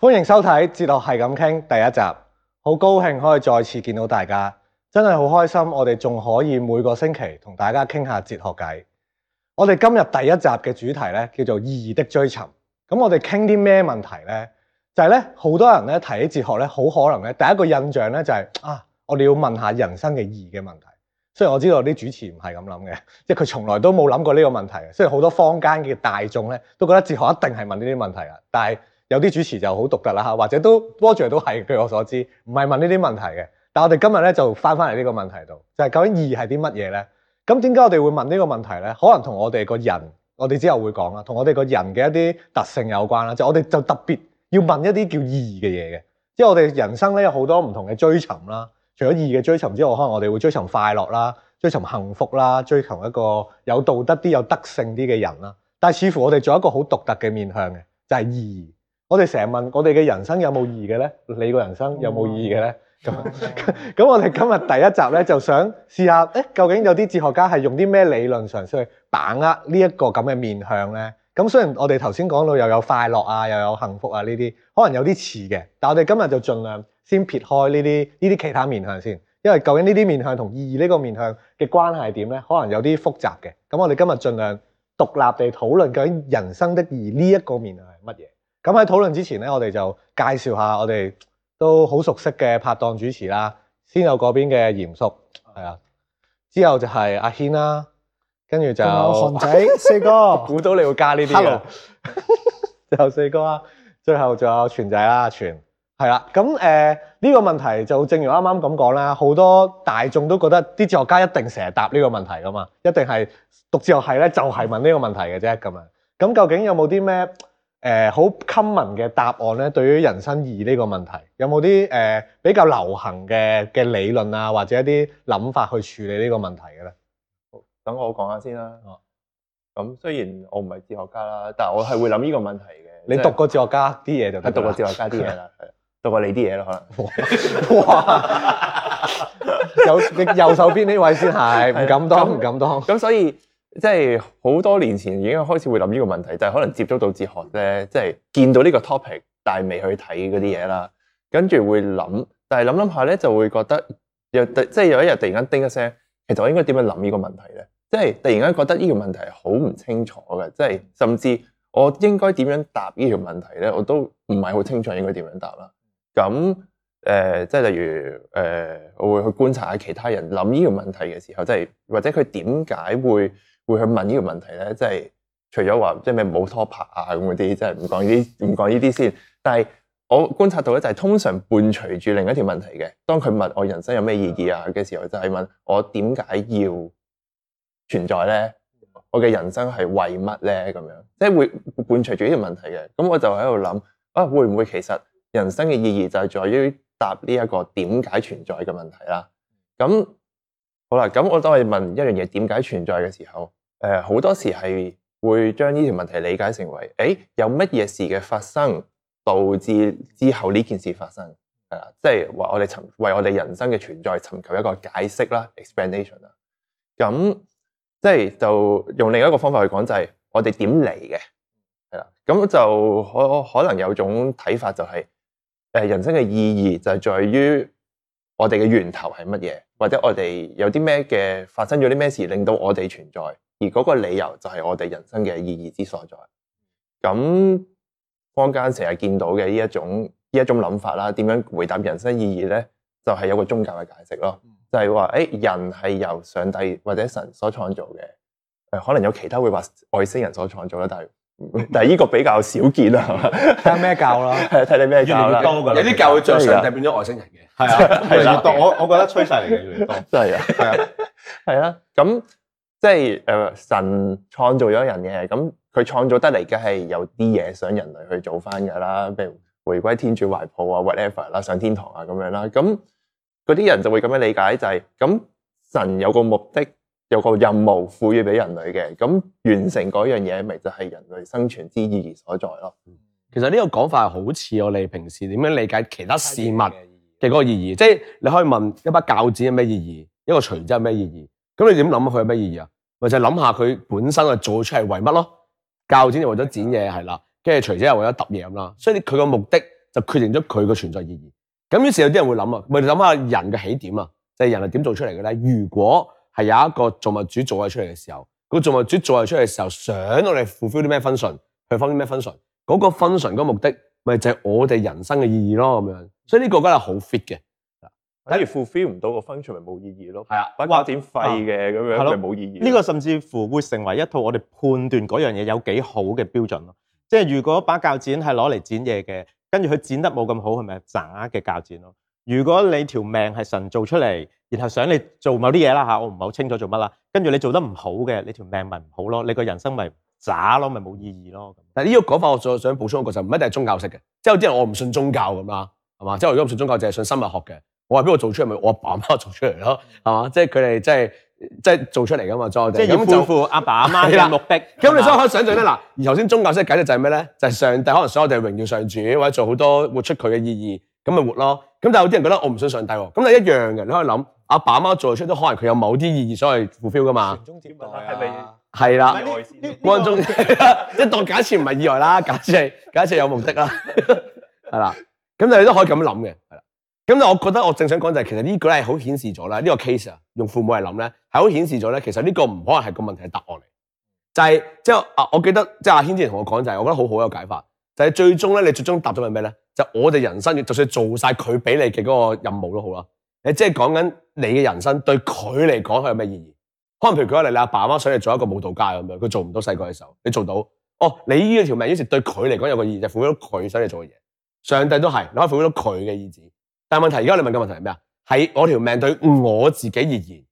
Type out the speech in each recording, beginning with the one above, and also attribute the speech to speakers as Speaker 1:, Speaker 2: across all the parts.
Speaker 1: 歡迎收睇《哲學係咁傾》第一集，好高興可以再次見到大家，真係好開心。我哋仲可以每個星期同大家傾下哲，哲學偈。我哋今日第一集嘅主題呢，叫做意義的追尋。咁我哋傾啲咩問題呢？就係呢，好多人呢提起哲學呢，好可能呢第一個印象呢，就是，就係啊，我哋要問下人生嘅意義嘅問題。雖然我知道啲主持唔係咁諗嘅，即係佢從來都冇諗過呢個問題。雖然好多坊間嘅大眾呢，都覺得哲學一定係問呢啲問題啊，但係。有啲主持就好獨特啦嚇，或者都 Roger 都係，據我所知唔係問呢啲問題嘅。但我哋今日咧就翻翻嚟呢個問題度，就係、是、究竟意義係啲乜嘢咧？咁點解我哋會問呢個問題咧？可能同我哋個人，我哋之後會講啦，同我哋個人嘅一啲特性有關啦。就是、我哋就特別要問一啲叫意義嘅嘢嘅，即係我哋人生咧有好多唔同嘅追尋啦。除咗意義嘅追尋之外，可能我哋會追尋快樂啦，追尋幸福啦，追尋一個有道德啲、有德性啲嘅人啦。但係似乎我哋仲有一個好獨特嘅面向嘅，就係、是、意義。我哋成日問我哋嘅人生有冇意義嘅咧？你個人生有冇意義嘅咧？咁咁，我哋今日第一集咧，就想試下誒，究竟有啲哲學家係用啲咩理論上先去把握呢一個咁嘅面向咧？咁雖然我哋頭先講到又有快樂啊，又有幸福啊呢啲，可能有啲似嘅，但係我哋今日就盡量先撇開呢啲呢啲其他面向先，因為究竟呢啲面向同意義呢個面向嘅關係係點咧，可能有啲複雜嘅。咁我哋今日盡量獨立地討論究竟人生的意義呢一個面向係乜嘢？咁喺討論之前咧，我哋就介紹下我哋都好熟悉嘅拍檔主持啦。先有嗰邊嘅嚴叔，係啊，之後就係阿軒啦，跟住就韓仔、四哥、估 到你會加呢啲啊？ 最後四哥啦，最後仲有全仔啦，全係啦。咁誒呢個問題就正如啱啱咁講啦，好多大眾都覺得啲哲學家一定成日答呢個問題噶嘛，一定係讀哲學系咧就係問呢個問題嘅啫咁啊。咁究竟有冇啲咩？誒，好 common 嘅答案咧，對於人生意義，呢個問題，有冇啲誒，比較流行嘅嘅理論啊，或者一啲諗法去處理呢個問題嘅咧？
Speaker 2: 等我講下先啦。咁、嗯、雖然我唔係哲學家啦，但係我係會諗
Speaker 1: 呢個問題嘅。你讀過哲學家啲
Speaker 2: 嘢就得？我讀過哲學家啲嘢啦，係 讀過你啲嘢咯，可能。 哇！有你右手邊呢位先係，唔敢當，唔 敢當。咁所以。即係好多年前已經開始會諗呢個問題，就係、是、可能接觸到哲學咧，即係見到呢個 topic，但係未去睇嗰啲嘢啦，跟住會諗，但係諗諗下咧，就會覺得又即係有一日突然間叮一聲，其實我應該點樣諗呢個問題咧？即係突然間覺得呢個問題好唔清楚嘅，即係甚至我應該點樣答呢條問題咧，我都唔係好清楚應該點樣答啦。咁誒、呃，即係例如誒、呃，我會去觀察下其他人諗呢個問題嘅時候，即係或者佢點解會會去問呢個問題咧，即係除咗話即係咩冇拖拍啊咁嗰啲，即係唔講呢啲，唔講呢啲先。但係我觀察到咧，就係通常伴隨住另一條問題嘅。當佢問我人生有咩意義啊嘅時候，就係問我點解要存在咧？我嘅人生係為乜咧？咁樣即係會伴隨住呢條問題嘅。咁我就喺度諗，啊會唔會其實人生嘅意義就係在於答呢一個點解存在嘅問題啦？咁好啦，咁我當係問一樣嘢點解存在嘅時候。誒，好多時係會將呢條問題理解成為，誒，有乜嘢事嘅發生導致之後呢件事發生，係啊，即係我我哋尋為我哋人生嘅存在尋求一個解釋啦，explanation 啦，咁即係就用另一個方法去講就係我哋點嚟嘅，係啦，咁就可可能有種睇法就係，誒，人生嘅意義就係在於我哋嘅源頭係乜嘢。或者我哋有啲咩嘅發生咗啲咩事，令到我哋存在，而嗰個理由就係我哋人生嘅意義之所在。咁坊間成日見到嘅呢一種呢一種諗法啦，點樣回答人生意義呢，就係有個宗教嘅解釋咯，就係話，誒人係由上帝或者神所創造嘅，誒可能有其他會話外星人所創造啦，但係。但係呢個比較少見啊，
Speaker 3: 聽咩 教啦，係啊， 睇你咩教啦， 多有啲教會趨勢就變咗外星人嘅，係啊 的，越嚟越多，我我覺得趨勢越嚟越多，
Speaker 2: 真係啊，係 啊是的，係 啦是的，咁、 嗯、即係誒、呃、神創造咗人嘅，咁佢創造得嚟嘅係有啲嘢想人類去做翻噶啦，譬如回歸天主懷抱啊，whatever 啦，上天堂啊咁樣啦，咁嗰啲人就會咁樣理解就係、是，咁、嗯、神有個目的。有個任務賦予俾人類嘅，咁
Speaker 3: 完成嗰樣嘢，咪就係、是、人類生存之意義所在咯、嗯。其實呢個講法係好似我哋平時點樣理解其他事物嘅嗰個意義， 即係你可以問一把鉸剪有咩意義，一個錘仔有咩意義，咁你點諗佢有咩意義啊？咪就係諗下佢本身係做出嚟為乜咯？鉸剪就為咗剪嘢係啦，跟住錘仔係為咗揼嘢咁啦，所以佢個目的就決定咗佢個存在意義。咁於是有啲人會諗啊，咪你諗下人嘅起點啊，即、就、係、是、人係點做出嚟嘅咧？如果係有一個造物主造嘢出嚟嘅時候，個造物主造嘢出嚟嘅時候，想我哋 fulfill 啲咩 function，去 fulfill 啲咩 function，嗰個 function 個目的，咪就係我哋人生嘅意義咯，咁樣。所以呢個梗係好 fit 嘅。
Speaker 2: 假如 fulfill 唔到個 function，咪冇意義咯。係啊，把鉸剪廢嘅咁樣，咪冇意義。
Speaker 3: 呢個甚至乎會成為一
Speaker 4: 套我哋判斷嗰樣嘢有幾好嘅標準咯。即係如果把鉸剪係攞嚟剪嘢嘅，跟住佢剪得冇咁好，係咪渣嘅鉸剪咯？如果你條命係神做出嚟，然後想你做某啲嘢啦嚇，我唔係好清楚做乜啦。跟住你做得唔好嘅，你條命咪唔好咯，
Speaker 3: 你個人生咪渣咯，咪冇意義咯。但係呢個講法，我再想補充一個就唔一定係宗教式嘅，即係有啲人我唔信宗教咁啦，係嘛？即係我如果唔信宗教，淨係信生物學嘅。我話邊個做出嚟咪我阿爸阿媽做出嚟咯，係嘛？即係佢哋即係即係做出嚟噶嘛，即係咁就
Speaker 4: 阿爸阿媽嘅目
Speaker 3: 的。咁你所以可以想象咧，嗱，而頭先宗教式解釋就係咩咧？就係上帝可能想我哋榮耀上主，或者做好多活出佢嘅意義。咁咪活咯，咁但有啲人覺得我唔想上帝喎，咁就一樣嘅。你可以諗阿爸阿媽做出都可能佢有某啲意義，所謂嘅 fulfill 㗎嘛。傳宗接代係咪？係啦，當假設唔係意外啦，假設係有目的啦，係 啦。咁就你都可以咁諗嘅，係啦。我覺得我正想講就係其實呢個咧好顯示咗啦，呢、這個 case 啊用父母嚟諗咧係好顯示咗咧，其實呢個唔可能係個問題嘅答案嚟，就係、是、即我記得即阿軒之前同我講就係，我覺得好好一個解法，就係、是、最終咧你最終答咗係咩呢？就我哋人生，就算做晒佢俾你嘅嗰個任務都好啦。你即係講緊你嘅人生對佢嚟講，佢有咩意義？可能譬如舉個例，你阿爸阿媽想你做一個舞蹈家咁樣，佢做唔到細個嘅時候，你做到，哦，你呢個條命，於是對佢嚟講有個意義，就 fulfil 咗佢想你做嘅嘢。上帝都係，你可以 fulfil 咗佢嘅意志。但係問題，而家你問嘅問題係咩啊？係我條命對我自己而言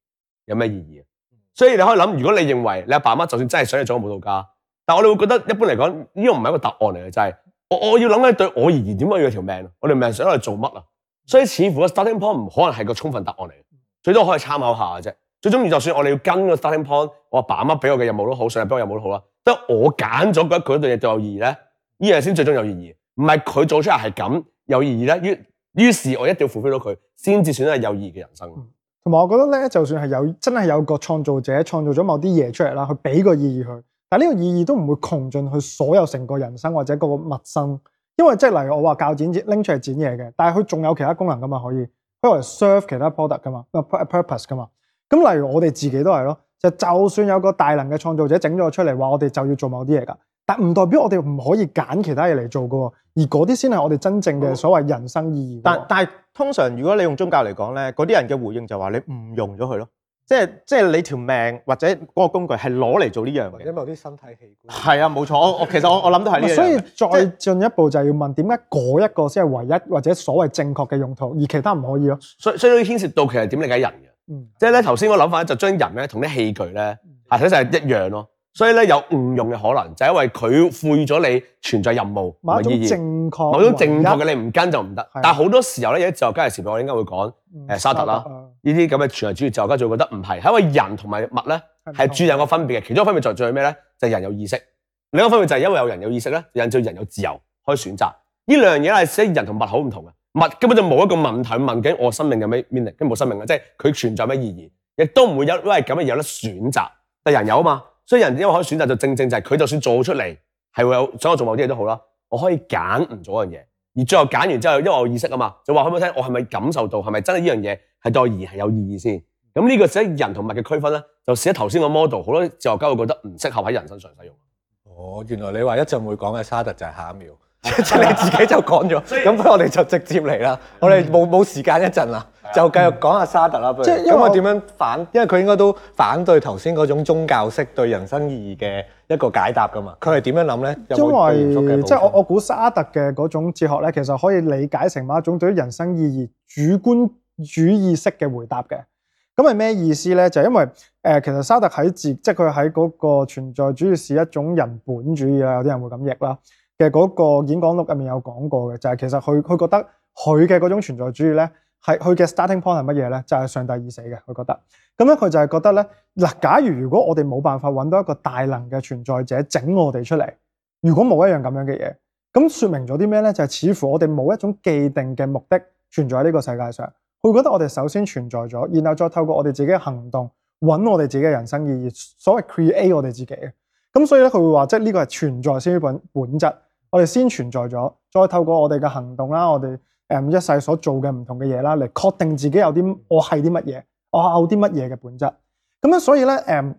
Speaker 3: 有咩意義？所以你可以諗，如果你認為你阿爸阿媽就算真係想你做個舞蹈家，但我哋會覺得一般嚟講呢個唔係一個答案嚟嘅，真係。我要諗下對我而言點解要條命我條命想嚟做乜啊？所以似乎個 starting point 唔可能係個充分答案嚟，最多可以參考下嘅最終於，就算我哋要跟個 starting point，我阿爸阿媽俾我嘅任務都好，上日俾我任務都好啦，得我揀咗嗰一嗰對嘢最有意義咧，依樣先最終有意義。唔係佢做出嚟係咁有意義咧，於是我一定要付 u 到佢，先至算係有意義嘅人生。
Speaker 5: 同埋、嗯、我覺得咧，就算係有真係有個創造者創造咗某啲嘢出嚟啦，去俾個意義佢。但呢個意義都唔會窮盡佢所有成個人生或者個陌生，因為即係例如我話鉸剪，只拎出嚟剪嘢嘅，但係佢仲有其他功能噶嘛，可以，包括 serve 其他 product 噶嘛，purpose 噶嘛。咁例如我哋自己都係咯，就就算有個大能嘅創造者整咗出嚟話我哋就要做某啲嘢噶，但唔代表我哋唔可以揀其他嘢嚟做噶，而嗰啲先係我哋真正嘅所謂人生意義。嗯。
Speaker 4: 但但係通常如果你用宗教嚟講咧，嗰啲人嘅回應就話你誤用咗佢咯。即係即係你條命或者嗰個工具係攞嚟做呢樣
Speaker 1: 嘅，
Speaker 3: 因為有啲身體器官係啊冇錯，我， 我其實我我諗都係呢樣。所以
Speaker 5: 再進一步就係要問點解嗰一個先係唯一或者所謂正確嘅用途，而其他唔可以咯？所
Speaker 3: 所以要牽涉到其實點理解人嘅？嗯，即係咧頭先個諗法咧就將人咧同啲器具咧啊睇成一樣咯。所以有誤用嘅可能，就係、是、因為佢賦予咗你存在任務同意義，
Speaker 5: 某種正確
Speaker 3: 嘅你唔跟就唔得。是的但係好多時候有啲哲學家嘅時候，我應該會講、呃、沙特啦，呢啲咁嘅存在主義哲學家就會覺得唔係，係因為人和呢是同埋物呢係註定個分別嘅。其中一個分別在於咩呢？就係、是、人有意識，另一個分別就係因為有人有意識就引導人有自由可以選擇。呢兩樣嘢係人和物不同物好唔同嘅，物根本就冇一個問題問究竟，我生命有咩意義？佢冇生命嘅，即係佢存在咩意義，亦都唔會因因為咁嘅嘢有得選擇，但人有嘛。所以人因為可以選擇，就正正就係佢就算做出嚟係會有想我做某啲嘢都好啦，我可以揀唔做嗰樣嘢，而最後揀完之後，因為我有意識啊嘛，就話可唔可以聽我係咪感受到係咪真係依樣嘢係對我而言有意義先？咁呢個寫人同物嘅區分咧，就使得頭先個 model 好多哲學家會覺得唔適合喺人身上使用。
Speaker 1: 哦，原來你話一陣會講嘅沙特就係下一秒，即 你自己就講咗，所以 我哋就直接嚟啦，我哋冇冇時間一陣啦。就繼續講下沙特啦，即係、嗯、譬如因為點樣反，因為佢應該都反對頭先嗰種宗教式對人生意義嘅一個解答㗎嘛。佢係點樣諗咧？因為即係我
Speaker 5: 我估沙特嘅嗰種哲學咧，其實可以理解成某一種對於人生意義主觀主義式嘅回答嘅。咁係咩意思咧？就係、是、因為誒、呃，其實沙特喺哲，即係佢喺嗰個存在主義是一種人本主義啦。有啲人會咁譯啦。其實嗰個演講錄入面有講過嘅，就係、是、其實佢佢覺得佢嘅嗰種存在主義咧。係佢嘅 starting point 係乜嘢咧？就係上帝已死嘅，佢覺得。咁咧佢就係覺得咧，嗱，假如如果我哋冇辦法揾到一個大能嘅存在者整我哋出嚟，如果冇一樣咁樣嘅嘢，咁説明咗啲咩咧？就係似乎我哋冇一種既定嘅目的存在呢個世界上。佢覺得我哋首先存在咗，然後再透過我哋自己嘅行動揾我哋自己嘅人生意義，所謂 create 我哋自己嘅。咁所以咧佢會話，即係呢個係存在先於本本質，我哋先存在咗，再透過我哋嘅行動啦，我哋。誒，um, 一世所做嘅唔同嘅嘢啦，嚟確定自己有啲，我係啲乜嘢，我有啲乜嘢嘅本質。咁、嗯、樣所以咧，誒、um,，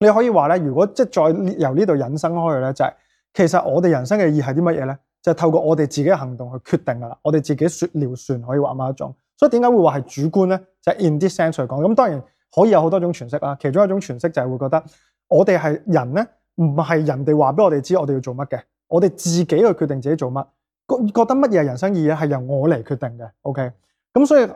Speaker 5: 你可以話咧，如果即係再由呢度引申開去咧，就係、是、其實我哋人生嘅意義係啲乜嘢咧？就是、透過我哋自己嘅行動去決定噶啦，我哋自己説了算，可以話係一種。所以點解會話係主觀咧？就係、是、in this sense 嚟講。咁、嗯、當然可以有好多種詮釋啦。其中一種詮釋就係會覺得我哋係人咧，唔係人哋話俾我哋知，我哋要做乜嘅，我哋自己去決定自己做乜。覺得乜嘢人生意義係由我嚟決定嘅，OK？咁所以誒，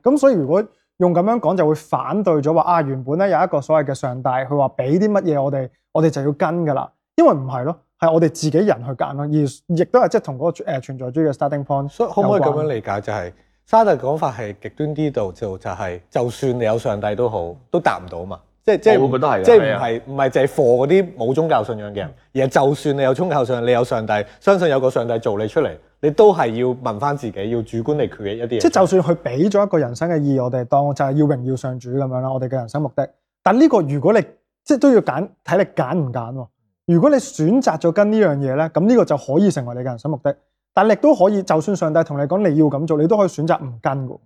Speaker 5: 咁、嗯、所以如果用咁樣講，就會反對咗話啊。原本咧有一個所謂嘅上帝，佢話俾啲乜嘢我哋，我哋就要跟噶啦。因為唔係咯，係我哋自己人去揀咯，而亦都係即係同嗰個誒存在主義嘅 starting point。所以可唔可以咁樣理
Speaker 1: 解就係、是、沙特講法係極端啲度，就就係，就算你有上帝都好，都達唔到嘛。即即，我覺得係，即唔係唔係，淨係 for 嗰啲冇宗教信仰嘅人。嗯、而就算你有宗教信仰，你有上帝，相信有個上帝造你出嚟，你都係要問翻自己，要主觀嚟決一啲嘢。即就算
Speaker 5: 佢俾咗一個人生嘅意義，我哋當就係要榮耀上主咁樣啦，我哋嘅人生目的。但呢個如果你即都要揀，睇你揀唔揀喎。如果你選擇咗跟呢樣嘢咧，咁呢個就可以成為你嘅人生目的。但你亦都可以，就算上帝同你講你要咁做，你都可以選擇唔跟嘅。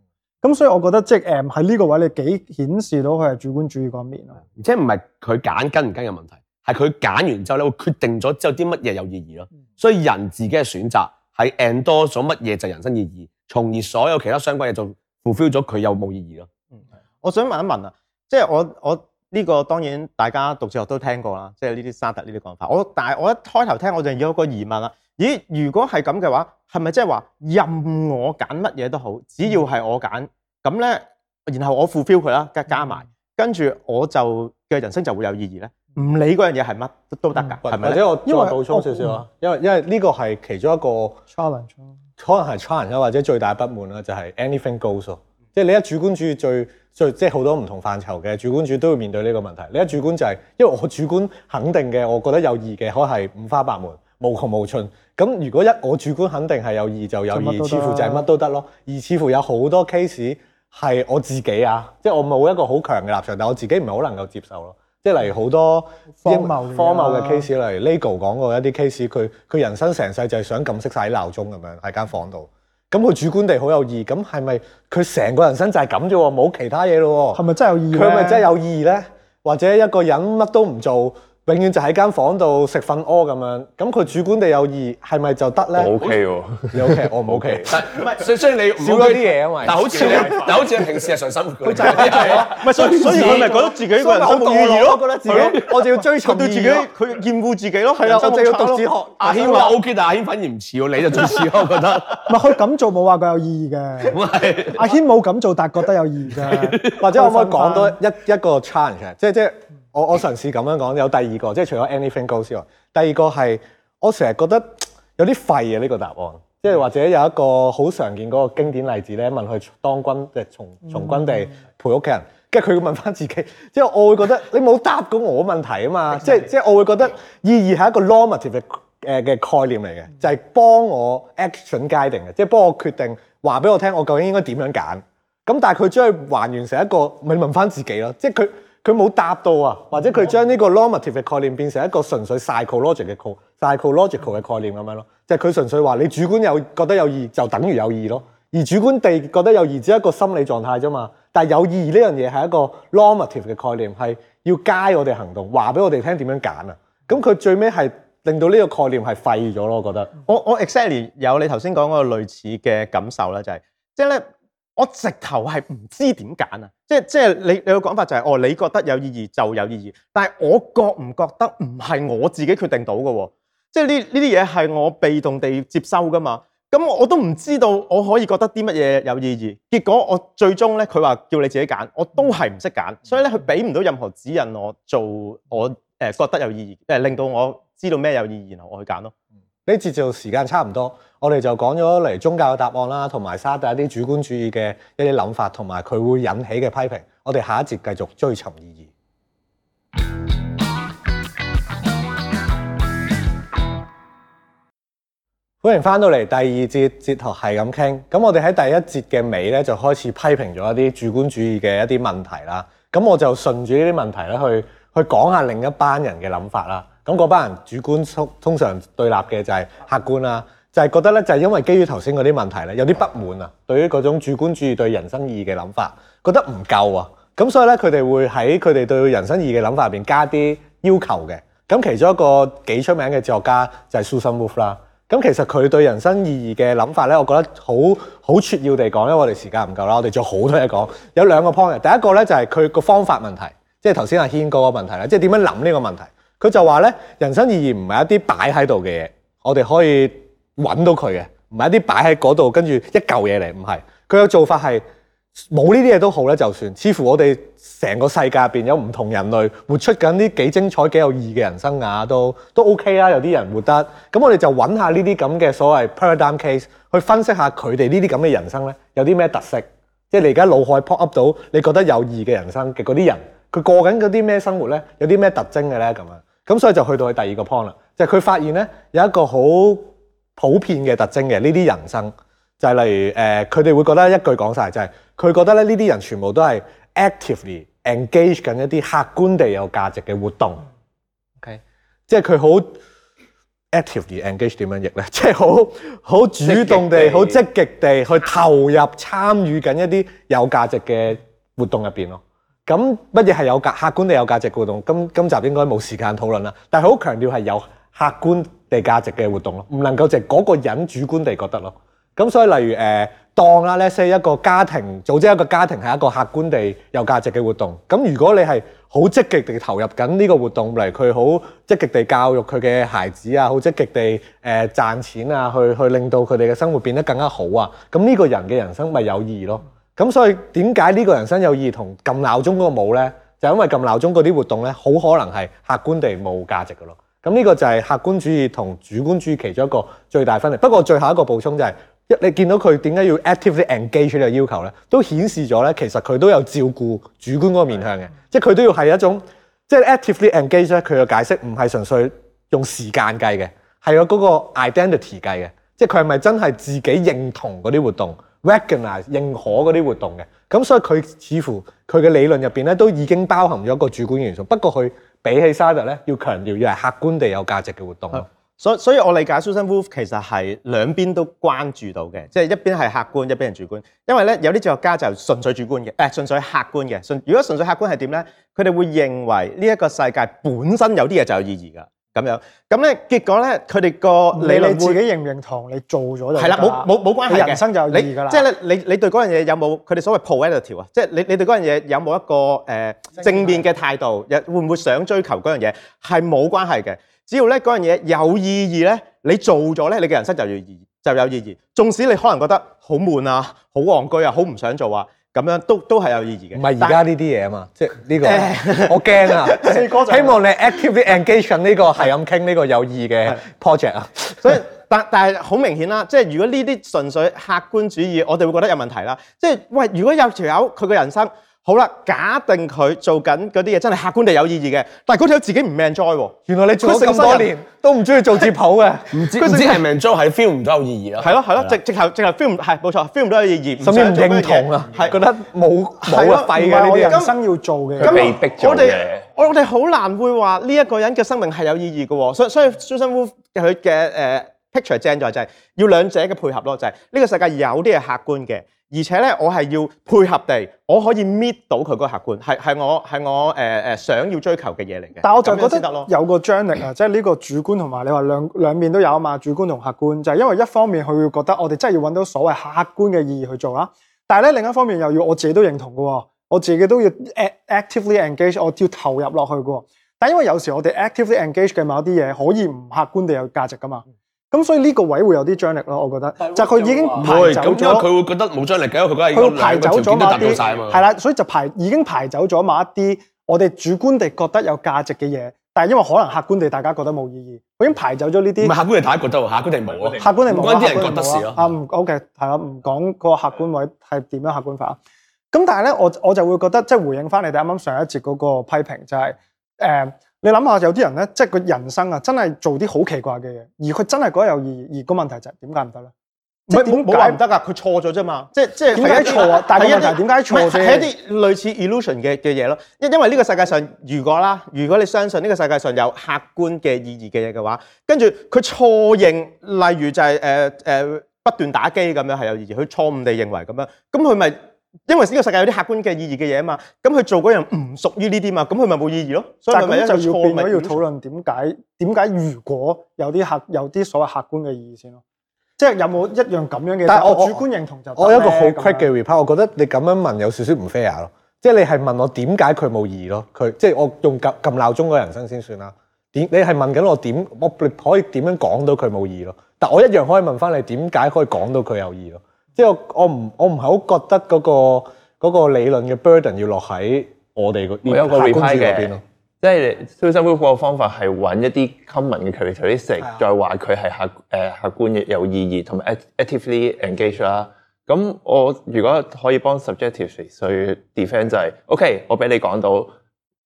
Speaker 5: 咁所以，我覺得即係誒喺呢個位，你幾顯示到佢係主觀主義嗰一面咯。
Speaker 3: 即係唔係佢揀跟唔跟嘅問題，係佢揀完之後咧，你會決定咗之後啲乜嘢有意義咯。嗯、所以人自己嘅選擇係 and 多咗乜嘢就人生意義，從而所有其他相關嘢就 fulfill 咗佢有冇意義咯。
Speaker 4: 嗯，我想問一問啊，即係我我呢個當然大家讀哲學都聽過啦，即係呢啲沙特呢啲講法。我但係我一開頭聽我就有一個疑問啊。.咦？如果係咁嘅話，係咪即係話任我揀乜嘢都好，只要係我揀咁咧，然後我 fulfill 佢啦，加加埋，跟住我就嘅人生就會有意義咧？唔理嗰樣嘢係乜都得噶，係咪、嗯？即係我再因為補充少少啊，
Speaker 1: 因為因為呢個係其中一個
Speaker 5: ，challenge，
Speaker 1: 可能係 challenge 或者最大不滿啦，就係、是、anything goes，即係、嗯、你一主觀主義最最即係好多唔同範疇嘅主觀主義都會面對呢個問題。你一主觀就係、是、因為我主觀肯定嘅，我覺得有意義嘅，可能係五花八門。無窮無盡，咁如果一我主觀肯定係有意就有意，似乎就係乜都得咯。啊、而似乎有好多 case 係我自己啊，即係我冇一個好強嘅立場，但我自己唔係好能夠接受咯。即係例如好多荒謬嘅 case，例如 Lego 講過一啲 case，佢佢人生成世就係想撳熄晒啲鬧鐘咁樣喺間房度。咁佢主觀地好有意，咁係咪佢成個人生就係咁啫？冇其他嘢咯？係咪真係有意？佢佢係咪真係有意咧？或者一個人乜都唔做？永遠就喺間房度食瞓屙咁樣，咁佢主觀地有意，係咪就得咧？O K 喎，O K，
Speaker 3: 我唔 O K。唔係，雖然你少咗啲嘢，因為但好似但好似平時日常生活。佢就係咯。唔係，所以所以佢咪覺得自己一個人好冇意義咯。係咯，我就要追求對自己佢厭惡自己咯。係啊，我就要獨自學。阿軒話 O K，但阿軒反而唔似喎，你就最似我覺得。
Speaker 5: 唔係佢咁做冇話佢有意義嘅。
Speaker 3: 唔係，阿
Speaker 5: 軒冇咁做，但覺得有意義。或者我可唔可以講多一
Speaker 1: 一個差異嘅，即即。我我嘗試咁樣講，有第二個，即係除咗 Anything Goes 之外，第二個係我成日覺得有啲廢啊，呢個答案，即係或者有一個好常見嗰個經典例子咧，問佢當軍即係從從軍地陪屋企人，跟住佢會問翻自己，即係我會覺得 你冇答過我問題啊嘛， 即係即係我會覺得意義係一個 normative 嘅誒嘅概念嚟嘅，就係、是、幫我 action guiding 嘅，即係幫我決定話俾我聽，我究竟應該點樣揀？咁但係佢將佢還原成一個咪問翻自己咯，即係佢。佢冇答到啊，或者佢將呢個 normative 嘅概念變成一個純粹 psychological 嘅概念咁樣咯，就係即係佢純粹話你主觀有覺得有意就等於有意咯，而主觀地覺得有意只係一個心理狀態啫嘛。但係有意呢樣嘢係一個 normative 嘅概念，係要 guide 我哋行動，話俾我哋聽點樣揀啊。咁佢最尾係令到呢個概念係廢咗咯。我覺得我我 exactly 有你頭先講嗰
Speaker 4: 個類似嘅感受啦，就係即係咧。就是我直頭係唔知點揀啊！即係即係你你個講法就係哦，你覺得有意義就有意義，但係我覺唔覺得唔係我自己決定到嘅，即係呢呢啲嘢係我被動地接收噶嘛。咁我都唔知道我可以覺得啲乜嘢有意義，結果我最終咧佢話叫你自己揀，我都係唔識揀，所以咧佢俾唔到任何指引我做我誒覺得有意義，誒
Speaker 1: 令到我知道咩有意義，然後我去揀咯。呢節就時間差唔多，我哋就講咗嚟宗教嘅答案啦，同埋沙特一啲主觀主義嘅一啲諗法，同埋佢會引起嘅批評。我哋下一節繼續追尋意義。歡迎翻到嚟第二節，哲學係咁傾。咁我哋喺第一節嘅尾咧，就開始批評咗一啲主觀主義嘅一啲問題啦。咁我就順住呢啲問題咧，去去講下另一班人嘅諗法啦。咁嗰班人主觀通，通常對立嘅就係客觀啦，就係、是、覺得咧，就係因為基於頭先嗰啲問題咧，有啲不滿啊。對於嗰種主觀主義對人生意義嘅諗法，覺得唔夠啊。咁所以咧，佢哋會喺佢哋對人生意義嘅諗法入邊加啲要求嘅。咁其中一個幾出名嘅作家就係 Susan Wolf 啦。咁其實佢對人生意義嘅諗法咧，覺法 Wolf，法我覺得好好扼要地講，因為我哋時間唔夠啦，我哋仲有好多嘢講。有兩個 point，第一個咧就係佢個方法問題，即係頭先阿軒哥嘅問題啦，即係點樣諗呢個問題。佢就話咧，人生意義唔係一啲擺喺度嘅嘢，我哋可以揾到佢嘅，唔係一啲擺喺嗰度跟住一嚿嘢嚟，唔係。佢嘅做法係冇呢啲嘢都好咧，就算。似乎我哋成個世界入邊有唔同人類活出緊啲幾精彩、幾有意義嘅人生啊，都都 OK 啦、啊。有啲人活得，咁我哋就揾下呢啲咁嘅所謂 paradigm case，去分析下佢哋呢啲咁嘅人生咧，有啲咩特色？即係你而家腦海 pop up 到你覺得有意義嘅人生嘅嗰啲人，佢過緊嗰啲咩生活咧？有啲咩特徵嘅咧？咁啊？咁所以就去到佢第二個 point 啦，就係佢發現咧有一個好普遍嘅特徵嘅呢啲人生，就係例如誒佢哋會覺得一句講晒就係佢覺得咧呢啲人全部都係 actively engage 緊一啲客觀地有價值嘅活動，OK，即係佢好 actively engage 點樣譯咧，即係好好主動地、好積,積極地去投入參與緊一啲有價值嘅活動入邊咯。咁乜嘢係有價，客觀地有價值嘅活動？今今集應該冇時間討論啦。但係好強調係有客觀地價值嘅活動咯，唔能夠就嗰個人主觀地覺得咯。咁所以例如誒、呃，當啦 let's say 一個家庭，組織一個家庭係一個客觀地有價值嘅活動。咁如果你係好積極地投入緊呢個活動嚟，佢好積極地教育佢嘅孩子啊，好積極地誒賺、呃、錢啊，去去令到佢哋嘅生活變得更加好啊。咁呢個人嘅人生咪有意義咯？咁所以點解呢個人生有意義同撳鬧鐘嗰個冇咧？就因為撳鬧鐘嗰啲活動咧，好可能係客觀地冇價值嘅咯。咁呢個就係客觀主義同主觀主義其中一個最大分別。不過最後一個補充就係、是，一你見到佢點解要 actively engage 嘅要求咧，都顯示咗咧，其實佢都有照顧主觀嗰個面向嘅的，即係佢都要係一種即係 actively engage 咧。佢嘅解釋唔係純粹用時間計嘅，係用嗰個 identity 計嘅，即係佢係咪真係自己認同嗰啲活動？recognise 認可嗰啲活動嘅，咁所以佢似乎佢嘅理論入邊咧都已經包含咗一個主觀元素，不過佢比起沙特咧要強調要係客觀地有價值嘅活動咯。所所以，我理解 Susan Wolf 其實係兩邊都關注到
Speaker 4: 嘅，即係一邊係客觀，一邊係主觀。因為咧有啲哲學家就純粹主觀嘅，誒、呃、純粹客觀嘅。純如果純粹客觀係點咧？佢哋會認為呢一個世界本身有啲嘢就有意義㗎。咁樣，咁咧結果咧，佢哋個你你自己
Speaker 5: 認唔認同？你做咗就係啦，冇冇冇關係你人生就有意義啦。即係咧，你
Speaker 4: 對有有、就是、你，你對嗰樣嘢有冇佢哋所謂 positive 啊？即係你你對嗰樣嘢有冇一個誒、呃、正，經正面嘅態度？有會唔會想追求嗰樣嘢？係冇關係嘅。只要咧嗰樣嘢有意義咧，你做咗咧，你嘅人生就有意義就有意義。縱使你可能覺得好悶啊，好戇居啊，好唔想做啊。咁樣都都係有意義嘅，唔係而家
Speaker 1: 呢啲嘢啊嘛，但即係、這、呢個、欸、我驚啊！ 希望你 active engagement 呢、呢個係咁傾呢個有意義嘅 project 啊，所以
Speaker 4: 但但係好明顯啦，即係如果呢啲純粹客觀主義，我哋會覺得有問題啦。即係喂，如果有條友佢個人生。好啦，假定佢做緊嗰啲嘢真係客觀地有意義嘅，但係嗰條友自己唔命 i 喎。原
Speaker 3: 來你做咗咁多年都唔中意做節譜嘅，唔節唔節係 mind feel 唔到有意義咯。係咯，係咯，直直頭
Speaker 4: 直 feel 唔係 f e e l 唔到有意義。甚至唔認同啊，覺得冇冇乜費㗎呢，人生要
Speaker 5: 做嘅，未必做
Speaker 4: 嘅。我我哋好難會話呢一個人嘅生命係有意義嘅，所以所以 Susan Wolf 佢嘅 picture 正在就係要兩者嘅配合咯，就係呢個世界有啲係客觀嘅。而且咧，我係要配合地，我可以搣到佢個客觀，係係我係我誒誒、呃、想要追求嘅嘢嚟嘅。但我就覺得
Speaker 5: 有個張力啊， 即係呢個主觀同埋你話兩兩面都有啊嘛。主觀同客觀就係、是、因為一方面佢會覺得我哋真係要搵到所謂客觀嘅意義去做啦。但係咧，另一方面又要我自己都認同嘅，我自己都要 actively engage，我都要投入落去嘅。但係因為有時我哋 actively engage 嘅某啲嘢可以唔客觀地有價值噶嘛。咁所以呢個位會有啲張力咯，我覺得就係佢已經排走咗，佢
Speaker 3: 會覺得冇張力嘅，佢嗰下已經排走咗一啲，係
Speaker 5: 啦，所以就排已經排走咗某一啲我哋主觀地覺得有價值嘅嘢，但係因為可能客觀地大家覺得冇意義，已經排走咗呢啲。唔係客觀地大
Speaker 3: 家覺得喎，客觀地冇，客觀地冇，啲人，人覺得是
Speaker 5: 咯。啊，唔 OK，係啦，唔講個客觀位係點樣客觀化。咁但係咧，我我就會覺得即係、就是、回應翻你哋啱啱上一節嗰個批評，就係、是、誒。嗯你諗下，有啲人咧，即係佢人生啊，真係做啲好奇怪嘅嘢，而佢真係覺得有意義。而個問題就係點解唔得咧？唔係冇冇話唔
Speaker 4: 得㗎？佢錯咗啫嘛！即係即係點解錯啊？但係係一啲類似 illusion 嘅嘅嘢咯。因因為呢個世界上，如果啦，如果你相信呢個世界上有客觀嘅意義嘅嘢嘅話，跟住佢錯認，例如就係誒誒不斷打機咁樣係有意義，佢錯誤地認為咁樣，咁佢咪？因為呢個世界有啲客觀嘅意義嘅嘢啊嘛，咁佢做嗰樣唔屬於呢啲嘛，咁佢咪冇意義咯。所以咪一個錯誤。要討
Speaker 5: 論點解點解如果有啲客有啲所謂客觀嘅意義先咯，即係有冇一樣咁樣嘅？但係我主觀認同就。我有一個好 quick 嘅
Speaker 1: reply，我覺得你咁樣問有少少唔 fair 咯，即係你係問我點解佢冇意義咯？佢即係我用撳撳鬧鐘個人生先算啦。點你係問緊我點我可以點樣講到佢冇意義咯？但係我一樣可以問翻你點解可以講到佢有意義咯？即係我唔我唔好覺得嗰、那個那個理論嘅 burden 要落喺我哋嗰啲派官員嗰邊咯。個
Speaker 2: 即係小心孤苦方法係揾一啲 common 嘅 characteristic，再話佢係客誒、呃、客觀嘅有意義同埋 actively engage 啦。咁我如果可以幫 subjective 去 defend 就係、是、OK，我俾你講到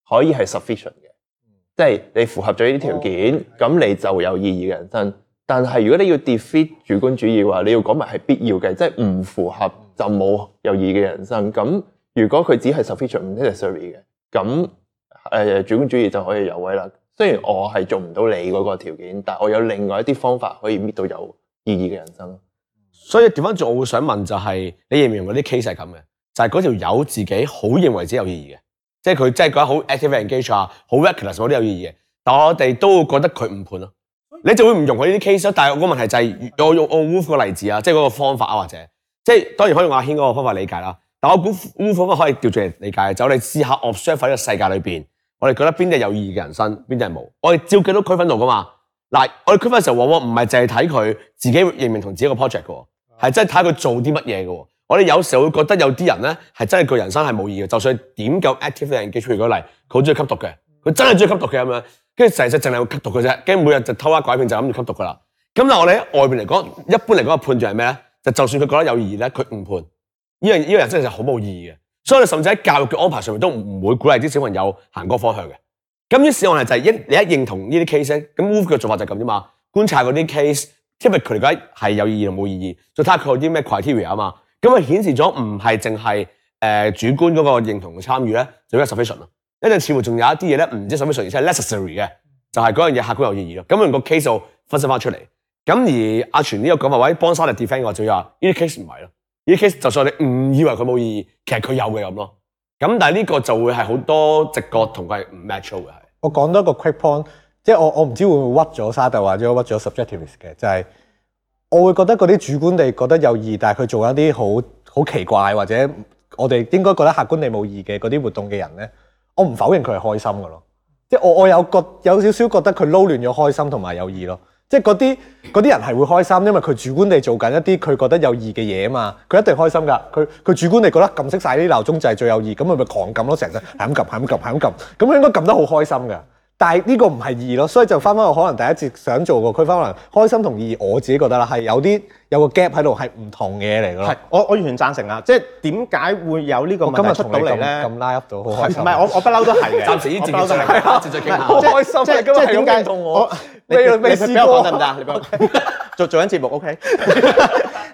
Speaker 2: 可以係 sufficient 嘅，嗯、即係你符合咗呢啲條件，咁、哦、你就有意義嘅人生。但係如果你要 defeat 主觀主義嘅話，你要講埋係必要嘅，即係唔符合就冇有，有意義嘅人生。咁如果佢只係 sufficient 唔 necessary 嘅，咁誒主觀主義就可以有位啦。雖然我係做唔到你
Speaker 3: 嗰個條件，但我有另外一啲方法可以 meet 到有意義嘅人生。所以調翻轉，我會想問就係、是，你認唔認嗰啲 case 係咁嘅？就係嗰條友自己好認為自己有意義嘅，即係佢即係得好 active engagement 好 reckless 嗰啲有意義嘅，但我哋都會覺得佢誤判咯。你就會唔容許呢啲 case 咯，但係我個問題就係、是、我用我 Wolf 個例子啊，即係嗰個方法啊，或者即係當然可以用阿軒嗰個方法理解啦。但我估 Wolf 可以調轉嚟理解？就係、我哋試下 observe 喺個世界裏邊，我哋覺得邊啲係有意義嘅人生，邊啲係冇。我哋照幾多區分到噶嘛？嗱，我哋區分嘅時候往往唔係淨係睇佢自己認唔認同自己個 project 噶，係真係睇佢做啲乜嘢噶。我哋有時候會覺得有啲人咧係真係個人生係冇意義嘅，就算點夠 active 嘅 engage 嚟講佢好中意吸毒嘅，佢真係中意吸毒嘅咁樣。跟住成日淨係會吸毒嘅啫，跟住每日就偷下拐騙就諗住吸毒噶啦。咁但係，我哋喺外邊嚟講，一般嚟講嘅判斷係咩咧？就就算佢覺得有意義咧，佢誤判，呢樣呢樣真係好冇意義嘅。所以甚至喺教育嘅安排上面都唔會鼓勵啲小朋友行嗰個方向嘅。咁於是我哋就係、是、一你一認同呢啲 case，咁 Wolf 嘅做法就係咁之嘛，觀察嗰啲 case，睇下佢哋覺得係有意義同冇意義，再睇下佢有啲咩 criteria 啊嘛。咁啊顯示咗唔係淨係誒主觀嗰個認同參與咧，就叫 sufficient 啦。一陣似乎仲有一啲嘢咧，唔知甚麼事，而且係 necessary 嘅，就係嗰樣嘢客觀有意義咯。咁用個 case 做分析翻出嚟，咁而阿全呢個講法或者幫沙特 defend 嘅就要話呢啲 case 唔係咯，呢啲 case 就算你誤以為佢冇意義，其實佢有嘅咁咯。咁但係呢個就會係好多直覺同佢係唔 match 嘅。
Speaker 1: 我講多個 quick point，即係我我唔知會唔會屈咗沙特，或者屈咗 subjectivist 嘅，就係、係、我會覺得嗰啲主觀地覺得有意，但係佢做一啲好好奇怪或者我哋應該覺得客觀地冇意嘅嗰啲活動嘅人咧。我唔否認佢係開心噶咯，即係我我有覺有少少覺得佢撈亂咗開心同埋有意咯，即係嗰啲嗰啲人係會開心，因為佢主觀地做緊一啲佢覺得有意嘅嘢啊嘛，佢一定開心㗎，佢佢主觀地覺得撳熄晒啲鬧鐘就係最有意，咁佢咪狂撳咯，成日係咁撳係咁撳係咁撳，咁應該撳得好開心㗎。但係呢個唔係意義咯，所以就翻返去可能第一次想做個區分，可能開心同意義，我自己覺得啦，係有啲有個 gap 喺度，係唔同嘅嘢嚟㗎咯。係，我我完全贊成啦。即係點解會有呢個問題出到嚟咧？咁拉入到，
Speaker 4: 好開心。唔係我我不嬲都係嘅。暫時已經自己
Speaker 1: 真係好開心。即係即係點解？你你你
Speaker 4: 別講得唔得？你講做做緊節目，OK？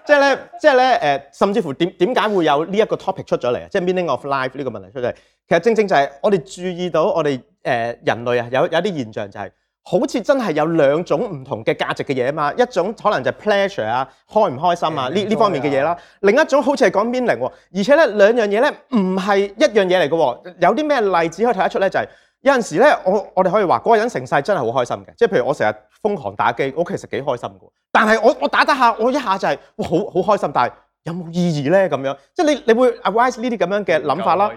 Speaker 4: 即係咧，即係咧，誒，甚至乎點點解會有呢一個 topic 出咗嚟？即係 meaning of life 呢個問題出咗嚟。其實正正就係我哋注意到我哋。誒人類啊，有有啲現象就係好似真係有兩種唔同嘅價值嘅嘢啊嘛，一種可能就係 pleasure 啊，開唔開心啊呢呢方面嘅嘢啦，另一種好似係講 meaning，而且咧兩樣嘢咧唔係一樣嘢嚟嘅喎，有啲咩例子可以睇得出咧？就係有陣時咧，我我哋可以話嗰個人成世真係好開心嘅，即係譬如我成日瘋狂打機，我其實幾開心嘅，但係我我打得下，我一下就係哇好好開心，但係有冇意義咧咁樣？即係你你會 advise 呢啲咁樣嘅諗法啦。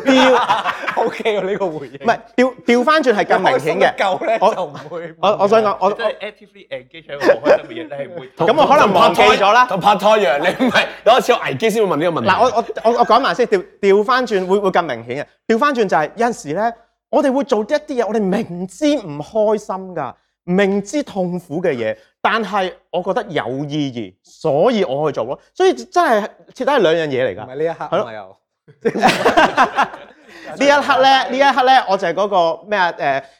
Speaker 4: 調 OK 啊！呢個回應唔係掉掉返轉係咁明顯嘅。夠
Speaker 1: 咧，
Speaker 4: 我唔會，我我想講，
Speaker 3: 我即係 actively engaged，我喺度回應你。咁我可能忘記咗啦。就拍拖樣，你唔係有一次我危機先會問呢個問題。嗱，我
Speaker 4: 我我我講埋先，掉掉返轉會會咁明顯嘅。掉返轉就係有陣時咧，我哋會做一啲嘢，我哋明知唔開心噶，明知痛苦嘅嘢，但係我覺得有意義，所以我去做咯。所以真係徹底係兩樣嘢嚟噶。唔係呢一刻，係咯。
Speaker 5: 呢 一刻咧，
Speaker 4: 呢一刻咧，我就係嗰，那個咩啊？誒、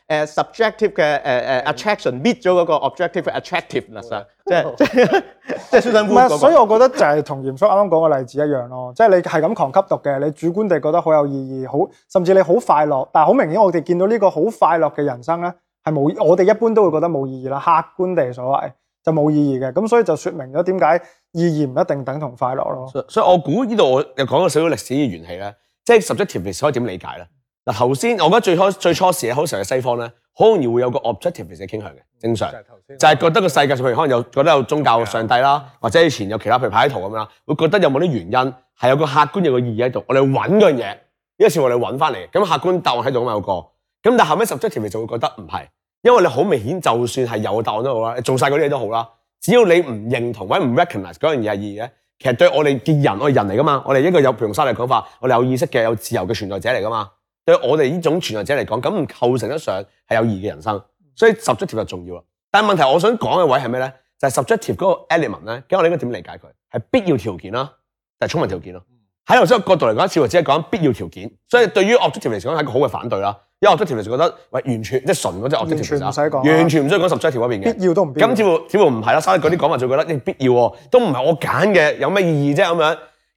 Speaker 4: 呃、誒，subjective 嘅，誒誒、呃、attraction、嗯、meet 咗嗰個 objective attractive 啦，即
Speaker 5: 係 即係即係燒係，所以我覺得就係同鹽叔啱啱講個例子一樣咯，即、就、係、是、你係咁狂吸毒嘅，你主觀地覺得好有意義，好甚至你好快樂，但係好明顯我哋見到呢個好快樂嘅人生咧，係冇。我哋一般都會覺得冇意義啦，客觀地所謂。就冇意義嘅，咁所以就説明咗點解意義唔一定等同快樂咯。
Speaker 3: 所以我估呢度我又講咗少少歷史嘅元氣咧，即係 subjective 可以點理解咧？嗱頭先我覺得最初最初時，好成日西方咧，好容易會有個 objective 嘅傾向嘅，正常、嗯、就係頭先就係覺得個世界上面、嗯、可能有覺得有宗教上帝啦，okay. 或者以前有其他譬如柏拉圖咁啦，會覺得有冇啲原因係有個客觀有個意義喺度，我哋揾嗰樣嘢，於是我哋揾翻嚟，咁客觀答案喺度有個，咁但後尾 subjective 就會覺得唔係。因為你好明顯，就算係有答案都好啦，你做晒嗰啲嘢都好啦，只要你唔認同或者唔 recognize 嗰樣嘢係意義嘅，其實對我哋嘅人，我哋人嚟噶嘛，我哋一個有培容生嘅講法，我哋有意識嘅、有自由嘅存在者嚟噶嘛，對我哋依種存在者嚟講，咁唔構成得上係有意義嘅人生，所以 subjective 就重要啦。但係問題，我想講嘅位係咩咧？就係、是、subjective 嗰個 element 咧，咁我哋應該點理解佢？係必要條件啦，定係充分條件咯？喺頭先嘅角度嚟講，似乎只係講必要條件，所以對於 objective 嚟講係一個好嘅反對啦。因為我得條脷就覺得，完全即係純嗰隻，我得條脷啊，完全唔需要講十七條嗰邊嘅必要都唔必要的。咁似乎似乎唔係啦，生得嗰講法就覺得，呢、嗯、必要喎，都唔係我揀嘅，有咩意義啫咁樣。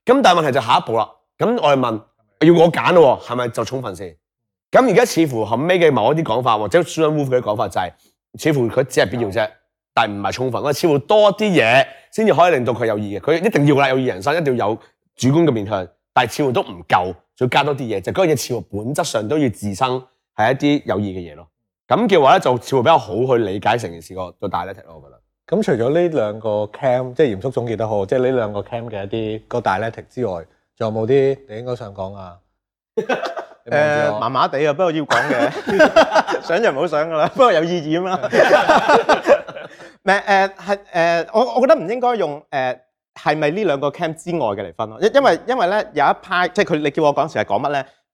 Speaker 3: 咁但係問題就下一步啦。咁我哋問，要我揀喎，係咪就充分先？咁而家似乎後尾嘅某一啲講法，或者舒 u 夫 a n w 講法就係、是，似乎佢只係必要啫，嗯、但係唔係充分，因似乎多一啲嘢先至可以令到佢有意義。佢一定要啦有意義，人生一定要有主觀嘅面向，但係似乎都唔夠，要加多啲嘢。就嗰個嘢似乎本質上都要自生，係一啲有意嘅嘢咯，咁嘅話咧就似乎比較好去理解成件事個 dialectic 咯，我覺得。
Speaker 1: 咁除咗呢兩個 cam 即係嚴肅總結得好，即係呢兩個 cam 嘅一啲個 dialectic 之外，仲有冇啲你應該想講啊？
Speaker 4: 誒，麻
Speaker 1: 麻地啊，不過要講嘅， 想就唔好想噶啦，不過有意義啊嘛。
Speaker 4: 咩、 呃？誒，係、呃、誒，我我覺得唔應該用誒，係咪呢兩個 cam 之外嘅嚟分咯？因為因為因為咧有一派，即係佢，你叫我講時係講乜咧？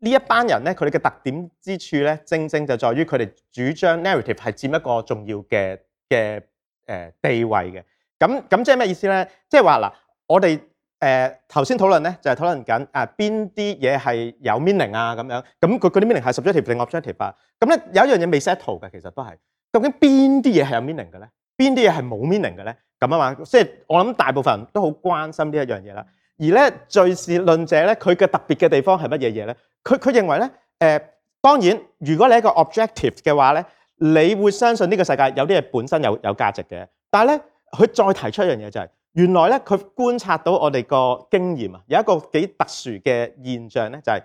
Speaker 4: 呢一班人咧，佢哋嘅特點之處咧，正正就在於佢哋主張 narrative 係佔一個重要嘅嘅誒地位嘅。咁咁即係咩意思咧？即係話嗱，我哋誒頭先討論咧，就係、是、討論緊啊邊啲嘢係有 meaning 啊咁樣。咁佢啲 meaning 係 subjective 定 objective 啊。咁咧有一樣嘢未 set 圖嘅，其實都係。究竟邊啲嘢係有 meaning 嘅咧？邊啲嘢係冇 meaning 嘅咧？咁啊嘛，即係我諗大部分人都好關心呢一樣嘢啦。而咧，敘事論者咧，佢嘅特別嘅地方係乜嘢嘢咧？佢佢認為咧，誒、呃、當然，如果你係一個 objective 嘅話咧，你會相信呢個世界有啲嘢本身有有價值嘅。但係咧，佢再提出一樣嘢就係、是，原來咧，佢觀察到我哋個經驗啊，有一個幾特殊嘅現象咧、就是，就係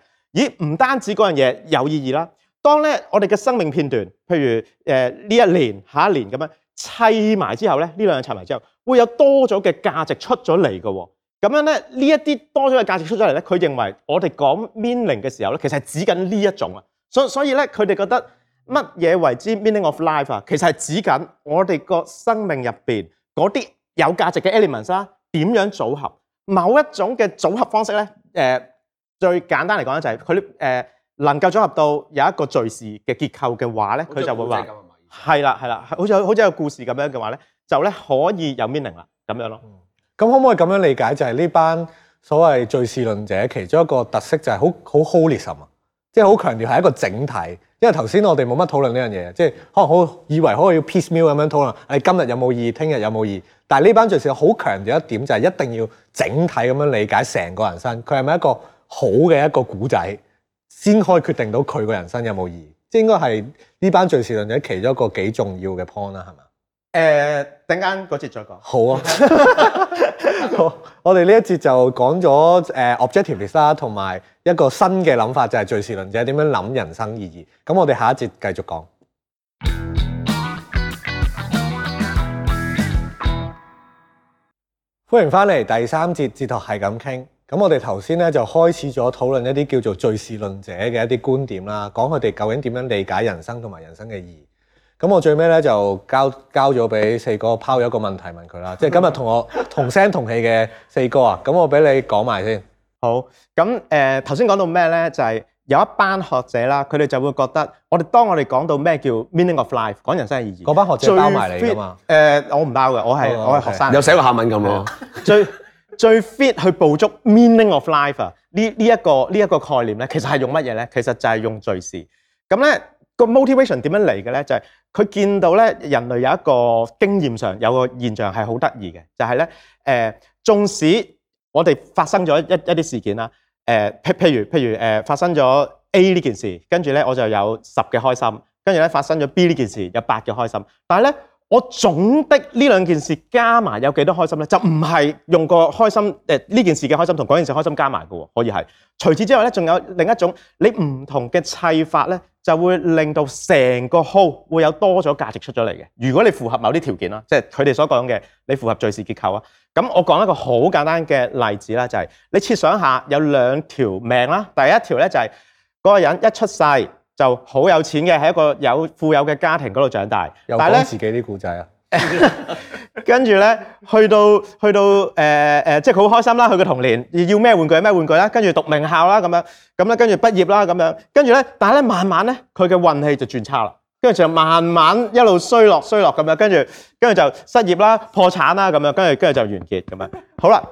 Speaker 4: 咦，唔單止嗰樣嘢有意義啦，當咧我哋嘅生命片段，譬如誒呢、呃、一年、下一年咁樣砌埋之後咧，呢兩樣砌埋之後，會有多咗嘅價值出咗嚟嘅喎。咁樣咧，呢一啲多咗嘅價值出咗嚟咧，佢認為我哋講 meaning 嘅時候咧，其實係指緊呢一種啊。所以所以咧，佢哋覺得乜嘢為之 meaning of life 啊？其實係指緊我哋個生命入邊嗰啲有價值嘅 elements 啊，點樣組合某一種嘅組合方式咧？誒、呃，最簡單嚟講咧，就係佢誒能夠組合到有一個敘事嘅結構嘅話咧，佢就會話係啦，係啦，好似好似有故事咁樣嘅話咧，就咧可以有 meaning 啦，咁
Speaker 1: 樣咯。咁可唔可以咁樣理解？就係呢班所謂敘事論者其中一個特色就係好好 holism 啊，ism，即係好強調係一個整體。因為頭先我哋冇乜討論呢樣嘢，即係可能好以為可以要 piecemeal 咁樣討論。誒，今日有冇意義？聽日有冇意義？但係呢班敘事好強調一點就係一定要整體咁樣理解成個人生。佢係咪一個好嘅，一個古仔，先可以決定到佢個人生有冇意義？即係應該係呢班敘事論者其中一個幾重要嘅 point 啦，係嘛？誒，uh, 等間嗰節再講。好啊， 好，我哋呢一節就講咗誒 objective 啦，同埋一個新嘅諗法就係、是、敘事論者點樣諗人生意義。咁我哋下一節繼續講。 歡迎翻嚟第三節，哲學係咁傾。咁我哋頭先咧就開始咗討論一啲叫做敘事論者嘅一啲觀點啦，講佢哋究竟點樣理解人生同埋人生嘅意義。咁我最尾咧就交交咗俾四哥，拋咗一個問題問佢啦。即係今日同我同聲同氣嘅四哥啊，咁我俾你講埋先。好，咁誒
Speaker 4: 頭先講到咩咧？就係有一班學者啦，佢哋就會覺得我哋當我哋講到咩叫 meaning of life，講人生意義，嗰班學者包埋你㗎嘛？誒，我唔包嘅，我係我係學生。有寫個下文咁咯。最最 fit 去捕捉 meaning of life 啊？呢呢一個呢一個概念咧，其實係用乜嘢咧？其實就係用敘事。咁咧個 motivation 點樣嚟嘅咧？就係佢見到咧，人類有一個經驗上有個現象係好得意嘅，就係、是、咧，誒、呃，縱使我哋發生咗一一啲事件啦，誒、呃，譬如譬如譬如誒，發生咗 A 呢件事，跟住咧我就有十嘅開心，跟住咧發生咗 B 呢件事有八嘅開心，但係咧我總的呢兩件事加埋有幾多開心咧？就唔係用個開心誒呢、呃、件事嘅開心同嗰件事開心加埋㗎喎，可以係。除此之外咧，仲有另一種你唔同嘅砌法咧。就會令到成個 house 會有多咗價值出咗嚟嘅。如果你符合某啲條件啦，即係佢哋所講嘅，你符合敘事結構啊。咁我講一個好簡單嘅例子啦，就係、是、你設想下有兩條命啦。第一條咧就係嗰個人一出世就好有錢嘅，喺一個有富有嘅家庭嗰度長大。又講自己啲故仔啊！跟住咧，去到去到，誒誒，即係佢好開心啦，佢嘅童年要咩玩具咩玩具啦，跟住讀名校啦，咁樣咁咧，跟住畢業啦，咁樣跟住咧，但係咧，慢慢咧，佢嘅運氣就轉差啦，跟住就慢慢一路衰落衰落咁樣，跟住跟住就失業啦、破產啦，咁樣跟住跟住就完結咁樣。好啦，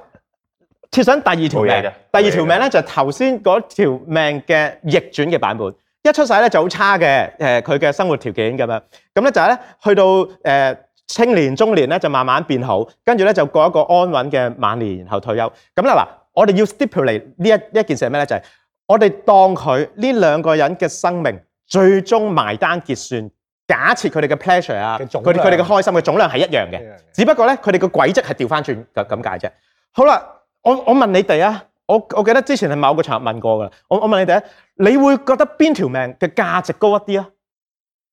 Speaker 4: 設想第二條命，第二條命咧就頭先嗰條命嘅逆轉嘅版本，一出世咧就好差嘅，誒，佢嘅生活條件咁樣，咁咧就係咧，去到誒。青年、中年咧就慢慢變好，跟住咧就過一個安穩嘅晚年，然後退休。咁啦嗱，我哋要 stipulate 呢一呢一件事係咩咧？就係我哋當佢呢兩個人嘅生命最終埋單結算，假設佢哋嘅 pleasure 啊，佢哋佢哋嘅開心嘅總量係一樣嘅，只不過咧佢哋嘅軌跡係調翻轉咁咁解啫。好啦，我我問你哋啊，我我記得之前係某個場合問過噶，我我問你哋啊，你會覺得邊條命嘅價值高一啲啊？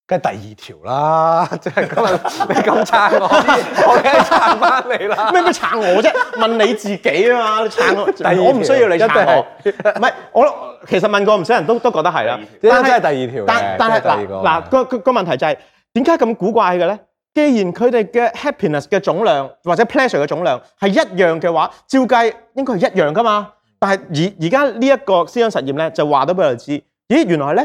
Speaker 4: 梗係第二
Speaker 1: 條啦，即係可能你咁撐我， 我梗係撐返你啦。咩
Speaker 4: 咩撐我啫？問你自己啊嘛，撐我。 第二條 我唔需要你撐我。唔係，我其實問過唔少人都都覺得係啦。呢個係第二
Speaker 1: 條。但是但係嗱嗱
Speaker 4: 個個個問題就係點解咁古怪嘅咧？既然佢哋嘅 happiness 嘅總量或者 pleasure 嘅總量係一樣嘅話，照計應該係一樣㗎嘛。但係而家呢一個思想實驗咧，就話咗俾我哋知，咦，原來呢。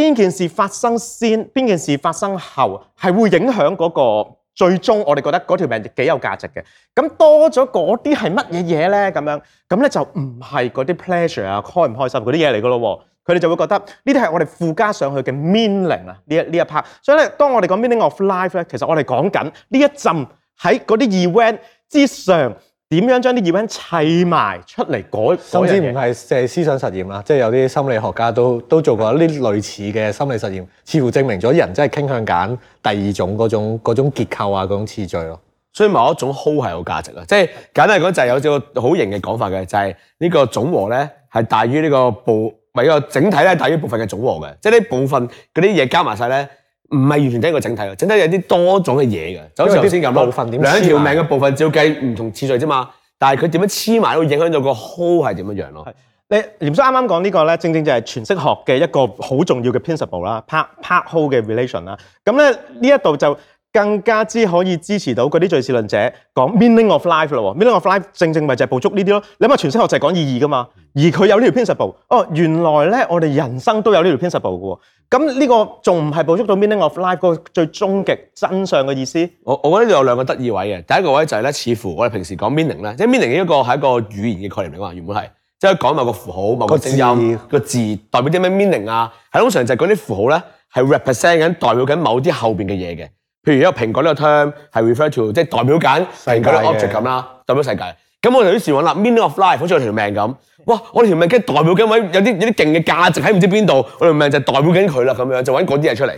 Speaker 4: 邊件事發生先？邊件事發生後係會影響嗰個最終？我哋覺得嗰條命幾有價值嘅。咁多咗嗰啲係乜嘢嘢咧？咁樣咁咧就唔係嗰啲 pleasure 啊，開唔開心嗰啲嘢嚟㗎喇喎。佢哋就會覺得呢啲係我哋附加上去嘅 meaning 啊，呢一呢一 part。所以咧，當我哋講 meaning of life 咧，其實我哋講緊呢一浸喺嗰啲 event 之
Speaker 1: 上。點樣將啲 e v 砌埋出嚟改？甚至唔係即係思想實驗啦，即、就、係、是、有啲心理學家都都做過呢啲類似嘅心理實驗，似乎證明咗人真係傾向
Speaker 3: 揀第二種嗰種嗰種結構啊，嗰種次序咯。所以某一種好 o 係有價值啊！即、就、係、是、簡單嚟講，就係有少咗好型嘅講法嘅，就係呢個總和咧係大於呢個部，咪個整體咧大於部分嘅總和嘅。即、就、係、是、呢部分嗰啲嘢加埋晒咧。唔係完全一個整體，整體有啲多種嘅嘢嘅，就好似頭先有部分點黐。兩條命嘅部分照計唔同次序啫嘛，但係佢點樣黐埋都會影響到個 hole 係點樣樣咯。你廉叔啱啱講
Speaker 4: 呢個咧，正正就係詮釋學嘅一個好重要嘅 principle 啦 part part whole 嘅 relation 啦。咁咧呢一度就。更加之可以支持到嗰啲敘事論者講 meaning of life 咯。meaning of life 正正咪就係捕捉呢啲咯。你諗下，詮釋學就係講意義噶嘛，而佢有呢條 principle 哦，原來咧我哋人生都有呢條 principle 噶。咁呢個仲唔係捕捉到 meaning of life 嗰個
Speaker 3: 最終極真相嘅意思？我我覺得呢度有兩個得意位嘅，第一個位就係咧，似乎我哋平時講 meaning 咧，即係 meaning 嘅一個係一個語言嘅概念嚟噶嘛，原本係即係講某個符號、某個聲音、字個字代表啲咩 meaning 啊，係通常就係講啲符號咧係 represent 緊、代表緊某啲後邊嘅嘢嘅。譬如一個蘋果呢個 term 係 refer to，即係代表緊世界嘅 object 咁啦，代表世界。咁我哋於是揾啦，meaning of life 好似條命咁。哇，我條命即係代表緊位有啲有啲勁嘅價值喺唔知邊度，我條命就代表緊佢啦，咁樣就揾嗰啲嘢出嚟。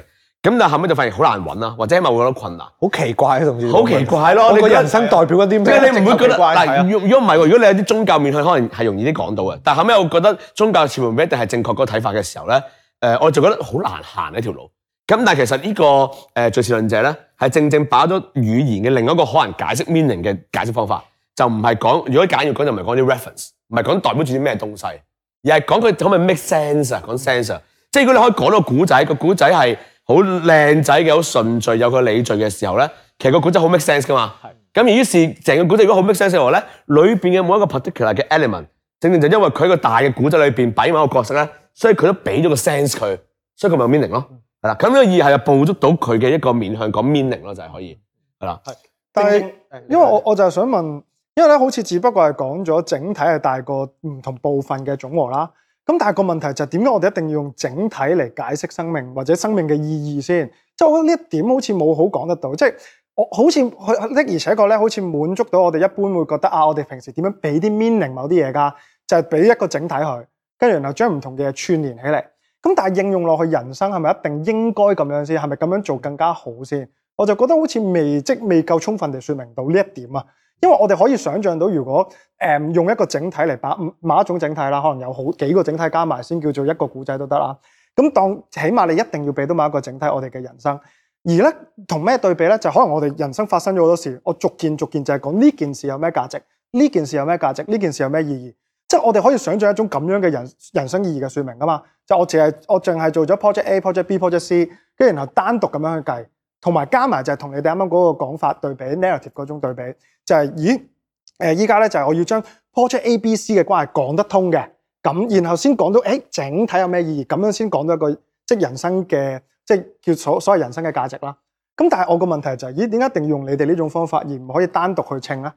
Speaker 3: 咁但係後尾就發現好難揾啦，或者起碼會有啲困難。好奇怪啊，同事。好奇怪咯，你個人生
Speaker 1: 代表嗰啲咩？即係你唔會
Speaker 3: 覺得怪。但係如果如果唔係，如果你有啲宗教面向，可能係容易啲講到嘅。但係後尾我覺得宗教似乎未必係正確嗰個睇法嘅時候咧，呃，我就覺得好難行呢條路。咁但係其實呢、這個誒敘、呃、事論者咧，係正正把握咗語言嘅另一個可能解釋 meaning 嘅解釋方法，就唔係講，如果簡要講，就唔係講啲 reference，唔係講代表住啲咩東西，而係講佢可唔可以 make sense 啊？講、嗯、sense，即係如果你可以講到個古仔，個古仔係好靚仔嘅，好順序有佢理序嘅時候咧，其實個古仔好 make sense 㗎嘛。係的。咁於是成個古仔如果好 make sense 嘅話咧，裏邊嘅某一個 particular 嘅 element，正正就因為佢喺個大嘅古仔裏邊擺某個角色咧，所以佢都俾咗個 sense 佢，所以佢咪有 meaning 咯。嗯。係啦，咁嘅意係啊，捕捉到佢嘅一個面向講 meaning 咯，就係可以係啦。係，
Speaker 5: 的但係是因為我的我就係想問，因為咧好似只不過係講咗整體係大過唔同部分嘅總和啦。咁但係個問題就係點解我哋一定要用整體嚟解釋生命或者生命嘅意義先？即係我覺得呢一點好似冇好講得到。即係我好似佢，的而且確咧好似滿足到我哋一般會覺得啊，我哋平時點樣俾啲 meaning 某啲嘢噶？就係、是、俾一個整體佢，跟住然後將唔同嘅嘢串聯起嚟。咁但係應用落去人生係咪一定應該咁樣先？係咪咁樣做更加好先？我就覺得好似未即未夠充分地說明到呢一點啊。因為我哋可以想象到，如果誒、嗯、用一個整體嚟，把某一種整體啦，可能有好幾個整體加埋先叫做一個古仔都得啦。咁當起碼你一定要俾到某一個整體，我哋嘅人生。而咧同咩對比咧？就是、可能我哋人生發生咗好多事，我逐件逐件就係講呢件事有咩價值，呢件事有咩價值，呢件事有咩意義。即係我哋可以想像一種咁樣嘅人人生意義嘅説明啊嘛，就我淨係我淨係做咗 project A、project B、project C，跟住然後單獨咁樣去計，同埋加埋就係同你哋啱啱嗰個講法對比，narrative 嗰種對比，就係、是、咦誒依家咧就係我要將 project A、B、C 嘅關係講得通嘅，咁然後先講到誒整體有咩意義，咁樣先講到一個即係人生嘅即係叫所所謂人生嘅價值啦。咁但係我個問題就係、是、咦點解一定要用你哋呢種方法而唔可以單獨去稱咧？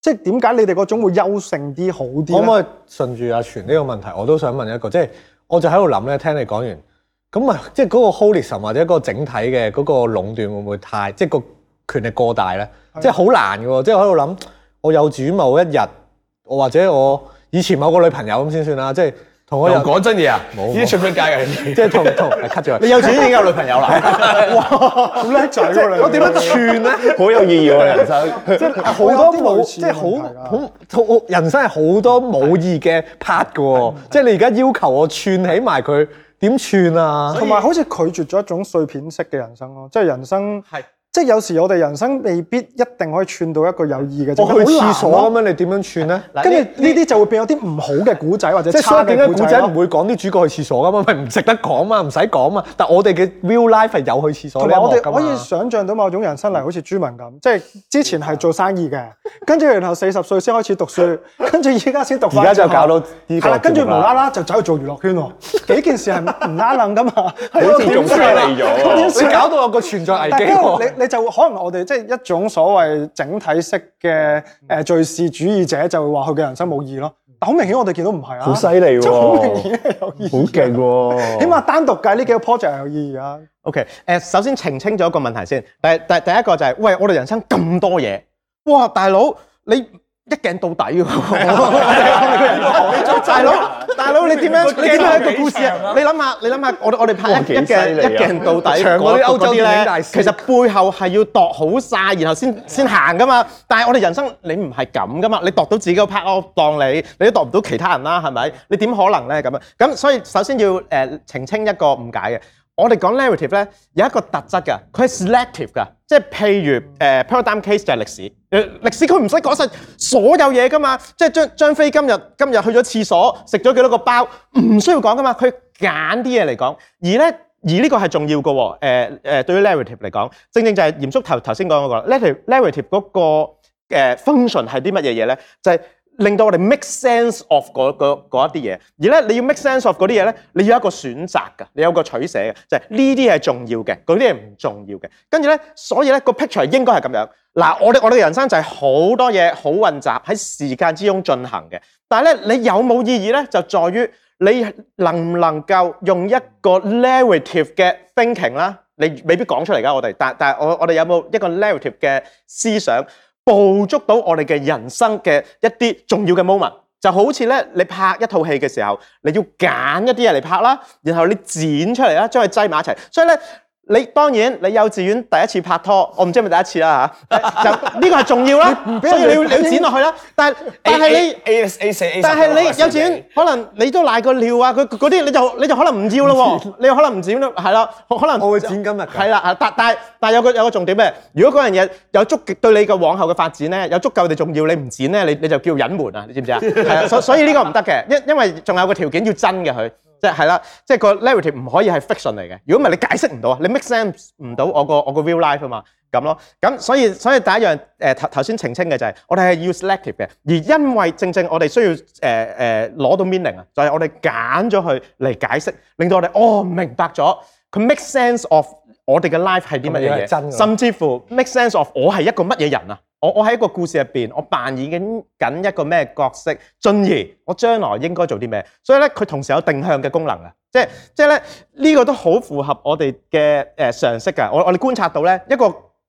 Speaker 5: 即係點解你哋嗰種會優勝啲好啲？可唔可以
Speaker 1: 順住阿全呢個問題，我都想問一個，即係我就喺度諗咧，聽你講完，咁啊，即係嗰個 holism 或者個整體嘅嗰個壟斷會唔會太，即係個權力過大咧的？即係好難嘅，即係我喺度諗，我有主某一日，我或者我以前某個女朋友咁先算啦，即係。同我講
Speaker 3: 真嘢啊！依啲串唔出街嘅，即係同，同 cut 咗。你有錢已經有女朋友啦。
Speaker 5: 哇！咁叻仔喎，我點樣串咧？ 好有意義喎、啊、人生， 即係好多冇，即係好
Speaker 1: 好，好人生係好多冇義嘅 part 嘅喎。即係的你而家要求我串起埋佢，點串啊？同埋
Speaker 5: 以好似拒絕咗一種碎片式嘅人生咯，即係人生係。即係有時我哋人生未必一定可以串到一個有意嘅，我去廁所咁樣，你點樣串咧？跟住呢啲就會變，有啲唔好嘅古仔或者差勁嘅古仔唔會
Speaker 1: 講啲主角去廁所噶嘛，唔值得講嘛，唔使講嘛。但我哋嘅 real life 係有去廁所呢一幕噶，我哋可以
Speaker 5: 想象到某種人生嚟，好似朱文咁，即係之前係做生意嘅，跟住然後四十歲先開始讀書，跟住依家先讀翻書而家就搞到而家。跟住無啦啦就走去做娛樂圈喎。幾件事係唔拉楞噶嘛，好似仲犀利咗，你搞到我個存在危機你就會可能我哋即係一種所謂整體式嘅誒敘事主義者，就會話佢嘅人生冇意義咯。但好明顯，我哋見到唔係啊！好犀利喎！好明顯
Speaker 2: 係有
Speaker 4: 意義，好勁喎！起碼
Speaker 5: 單獨計呢幾個 project 係有意義啊。OK，誒、呃，首先澄清咗
Speaker 4: 一個問題先。第第第一個就係、是，喂，我哋人生咁多嘢，哇，大佬你～一鏡到底喎 爸，啊、大佬，大佬你點樣？你點樣一個故事啊？啊你諗下，你諗下，我我哋拍一鏡、啊、一鏡到底，搶嗰啲歐洲嘅，影大師，其實背後係要度好晒，然後先先行㗎嘛。但係我哋人生你唔係咁㗎嘛，你度到自己個拍，我當你，你都度唔到其他人啦，係咪？你點可能咧咁啊？咁所以首先要誒澄清一個誤解嘅。我哋講 narrative 呢有一個特質㗎，佢係 selective 㗎，即係譬如誒 paradigm case 就係歷史，歷史佢唔使講晒所有嘢㗎嘛，即係張張飛今日今日去咗廁所食咗幾多個包，唔需要講㗎嘛，佢揀啲嘢嚟講，而呢而呢個係重要嘅喎，誒、呃呃、對於 narrative 嚟講，正正就係鹽叔頭頭先講嗰個 narrative 嗰個誒 function 係啲乜嘢嘢呢？就係、是。令到我哋 make sense of 嗰嗰嗰一啲嘢，而咧你要 make sense of 嗰啲嘢咧，你要一個選擇嘅，你有個取捨嘅，就係呢啲係重要嘅，嗰啲係唔重要嘅。跟住咧，所以咧個 picture 應該係咁樣。嗱，我哋我哋嘅人生就係好多嘢好混雜喺時間之中進行嘅。但係咧，你有冇意義咧？就在於你能唔能夠用一個 narrative 嘅 thinking 啦，你未必講出嚟噶。我哋但但係我我哋有冇一個 narrative 嘅思想？捕捉到我哋嘅人生嘅一啲重要嘅 moment，就好似咧，你拍一套戲嘅時候，你要揀一啲嘢嚟拍啦，然後你剪出嚟啦，將佢擠埋一齊，所以咧。你當然，你幼稚園第一次拍拖，我唔知係咪第一次啦？嚇，就呢個係重要啦，所以你要剪落去啦。但但係你 A S
Speaker 3: A 四 A 三，但係你幼稚園
Speaker 4: 可能你都瀨過尿啊，佢嗰啲你就你就可能唔要咯喎，你可能唔剪咯，係啦，可能我會剪今日。係啦，但但但有個有個重點嘅，如果嗰樣嘢有足夠對你嘅往後嘅發展咧，有足夠嘅重要，你唔剪咧，你你就叫隱瞞啊，你知唔知啊？所所以呢個唔得嘅，因因為仲有個條件要真嘅佢。即係啦，即係、個 narrative 唔可以係 fiction 嚟嘅。如果唔係，你解釋唔到，啊，你 make sense 唔到我個我個 real life 啊嘛，咁咯。咁所以所以第一樣誒頭頭先澄清嘅就係，我哋係要 selective 嘅。而因為正正我哋需要誒誒攞到 meaning 啊，就係我哋揀咗佢嚟解釋，令到我哋哦明白咗佢 make sense of 我哋嘅 life 係啲乜嘢嘢甚至乎 make sense of 我係一個乜嘢人啊？我我喺一個故事入邊，我扮演緊緊一個咩角色？進而我將來應該做啲咩？所以咧，佢同時有定向嘅功能啊！即係即係咧，呢個都好符合我哋嘅誒常識噶。我我哋觀察到咧，一個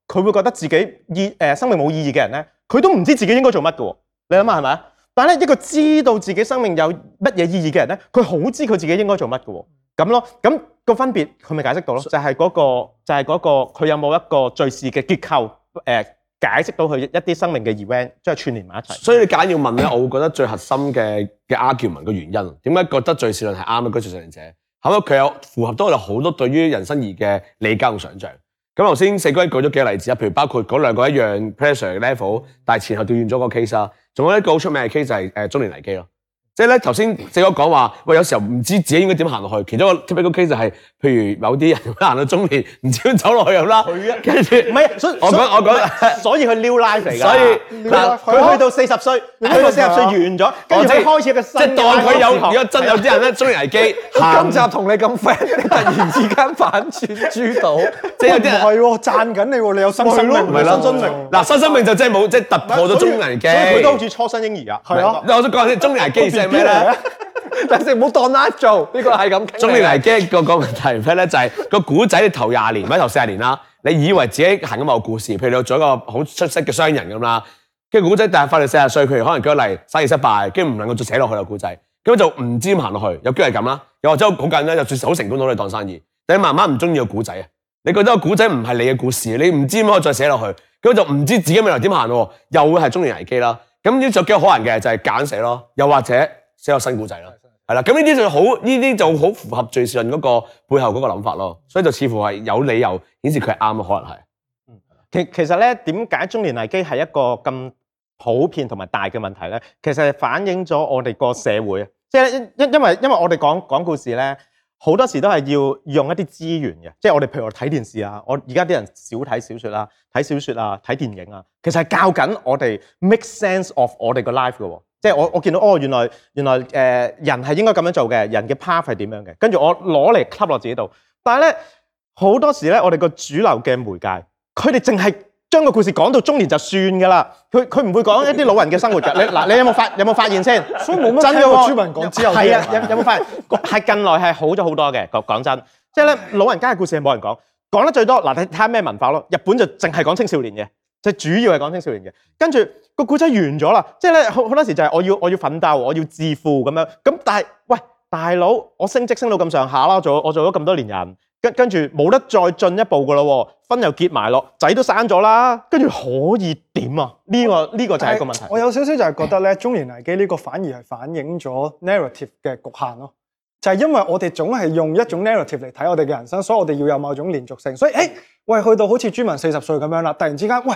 Speaker 4: 佢會覺得自己意誒生命冇意義嘅人咧，佢都唔知自己應該做乜㗎。你諗下係咪？但係咧，一個知道自己生命有乜嘢意義嘅人咧，佢好知佢自己應該做乜㗎。咁咯，咁個分別佢咪解釋到咯？就係嗰個，就係嗰個，佢有
Speaker 3: 冇一個敘事嘅結構誒？呃解釋到佢一啲生命嘅 event，即係串連埋一齊。所以你簡要問咧，我會覺得最核心嘅 argument 個原因，點解覺得敘事論係啱咧？就住敘事論者，係咪佢有符合到我哋好多對於人生意義嘅理解同想像？咁頭先四哥你舉咗幾個例子，譬如包括嗰兩個一樣 pressure level，但係前後調轉咗個 case 啊。仲有一個好出名嘅 case 就係中年危機。即係咧，頭先四哥講話，喂，有時候唔知自己應該點行落去。其中一個 typical case 就係，譬如某啲人行到中年，唔知點走落去咁啦。唔係，所以我講我講，所以佢 new life 嚟噶。所以嗱，佢去到四十歲，去到四十歲完咗，跟住佢開始個新。即係當佢有，如果真有啲人咧中年危機，
Speaker 5: 今集同你咁 friend，你突然之間反轉豬肚，即係有啲人係喎，讚緊你喎，你有新生命，新生命。
Speaker 3: 嗱，新生命就真係冇，即係突破咗中年危機。所以佢都好似
Speaker 1: 初生嬰兒啊。
Speaker 4: 係啊，我
Speaker 3: 想講下先，中年危機。 但係你唔好當甩做呢個係咁。中年危機個個問題咩呢？就係、係嗰個古仔，你頭廿年或者頭四十年啦，你以為自己行緊某個故事，譬如你做一個好出色嘅商人咁啦，跟住古仔但係快到四十歲，佢可能舉個例生意失敗，跟住唔能夠再寫落去個古仔，咁就唔知點行落去。有機會係咁啦，又或者好簡單咧，就算是好成功，都可以當生意。你慢慢唔鍾意個古仔，你覺得個古仔唔係你嘅故事，你唔知點可以再寫落去，咁就唔知自己未來點行，又會係中年危機啦。咁呢就幾有可能嘅，就係、是、揀寫咯，又或者寫有新故仔啦，係啦的。咁呢啲就好，呢啲就好符合敘事論嗰個背後嗰個諗法咯。所以就似乎係有理由顯示佢係啱嘅，可
Speaker 4: 能係。嗯，其其實咧，點解中年危機係一個咁普遍同埋大嘅問題咧？其實係反映咗我哋個社會，即係因因為因為我哋講講故事咧。好多時都係要用一啲資源嘅，即係我哋譬如我睇電視啊，我而家啲人少睇小説啦，睇小説啊，睇電影啊，其實係教緊我哋 make sense of 我哋個 life 嘅，即係我我見到哦原來原來誒、呃、人係應該咁樣做嘅，人嘅 path 係點樣嘅，跟住我攞嚟 club 落自己度，但係咧好多時咧我哋個主流嘅媒介，佢哋淨係，將個故事講到中年就算噶啦，佢佢唔會講一啲老人嘅生活噶。你嗱，你有冇發有冇發現先？所以冇乜聽個朱文講之後係啊？有有冇發現？係近來係好咗好多嘅。講講真，即係咧，老人家嘅故事係冇人講，講得最多嗱。你睇下咩文化咯？日本就淨係講青少年嘅，即係主要係講青少年嘅。跟住個故仔完咗啦，即係咧，好多時就係我要我要奮鬥，我要致富咁樣。咁但係喂大佬，我升職升到咁上下啦，做我做咗咁多年人。跟住冇得再進一步噶咯喎，婚又結埋咯，仔都生咗啦，跟住可以點啊？呢、這個呢、這個就係一個問題。我
Speaker 5: 有少少就係覺得咧， 中年危機呢個反而係反映咗 narrative 嘅局限咯。就係、是、因為我哋總係用一種 narrative 嚟睇我哋嘅人生，所以我哋要有某種連續性。所以誒、欸，喂，去到好似朱文四十歲咁樣啦，突然之間，喂，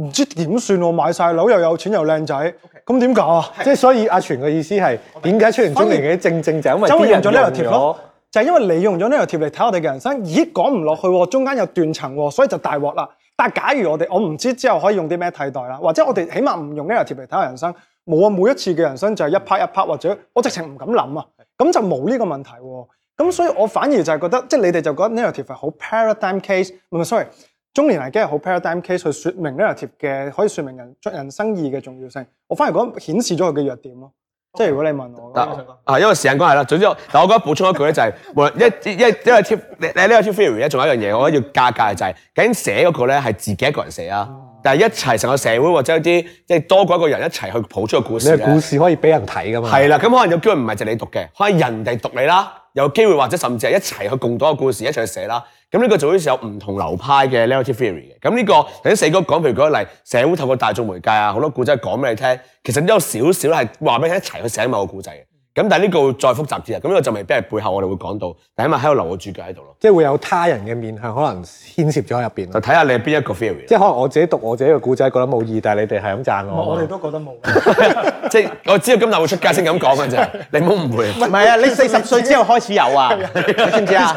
Speaker 5: 唔知點算我買曬樓又有錢又靚仔，咁點搞啊？即係 所以，阿全嘅意思係點解出現中年嘅而？正正，正正就因為用咗 narrative 咯。就係因為你用咗 narrative 嚟睇我哋嘅人生，咦講唔落去喎，中間有斷層喎，所以就大鑊啦。但係假如我哋我唔知之後可以用啲咩替代啦，或者我哋起碼唔用 narrative 嚟睇我人生，冇啊！每一次嘅人生就係一 part 一 part，或者我直情唔敢諗啊，咁就冇呢個問題喎。咁所以我反而就係覺得，即係你哋就覺得 narrative 係好 paradigm case、嗯。唔唔，sorry，中年危機係好 paradigm case 去説明 narrative 嘅可以説明人人生意義嘅重要性。我反而覺得顯示咗佢嘅弱點咯。即係如果你
Speaker 3: 問我，啊，啊，因為時間關係啦，總之我，我覺得補充一句咧就係、是， 一，一，因為呢個 theory 咧，仲有一樣嘢，我覺得要加價嘅就係、是，究竟寫嗰個咧係自己一個人寫啊？嗯、但係一齊成個社會或者一啲即係多過一個人一齊去譜出個故事，咩故事
Speaker 1: 可以俾人睇噶嘛？係啦，
Speaker 3: 咁可能有機會唔係淨你讀嘅，可能人哋讀你啦，有機會或者甚至係一齊去共咗個故事，一齊去寫啦。咁呢個就好似有唔同流派嘅 literary theory 嘅。咁呢、這個頭先四哥講，譬如舉例，社會透過大眾媒介啊，好多故仔講俾你聽，其實都有少少係話俾你一齊去寫某個故仔嘅。咁但係呢個再複雜啲啊，咁呢個就未必係背後我哋會講到，但起碼喺度留個注腳喺度咯，
Speaker 1: 即係會有他人嘅面向，可能牽涉咗喺入邊。就睇下你係邊一個 feel，即係可能我自己讀我自己嘅故仔覺得冇意義，但係你哋係咁讚我。我哋都
Speaker 3: 覺得冇，即係我知道今日會出街先咁講嘅啫，你唔好誤會。唔係啊，你四十歲之後開始有啊，你知唔知啊？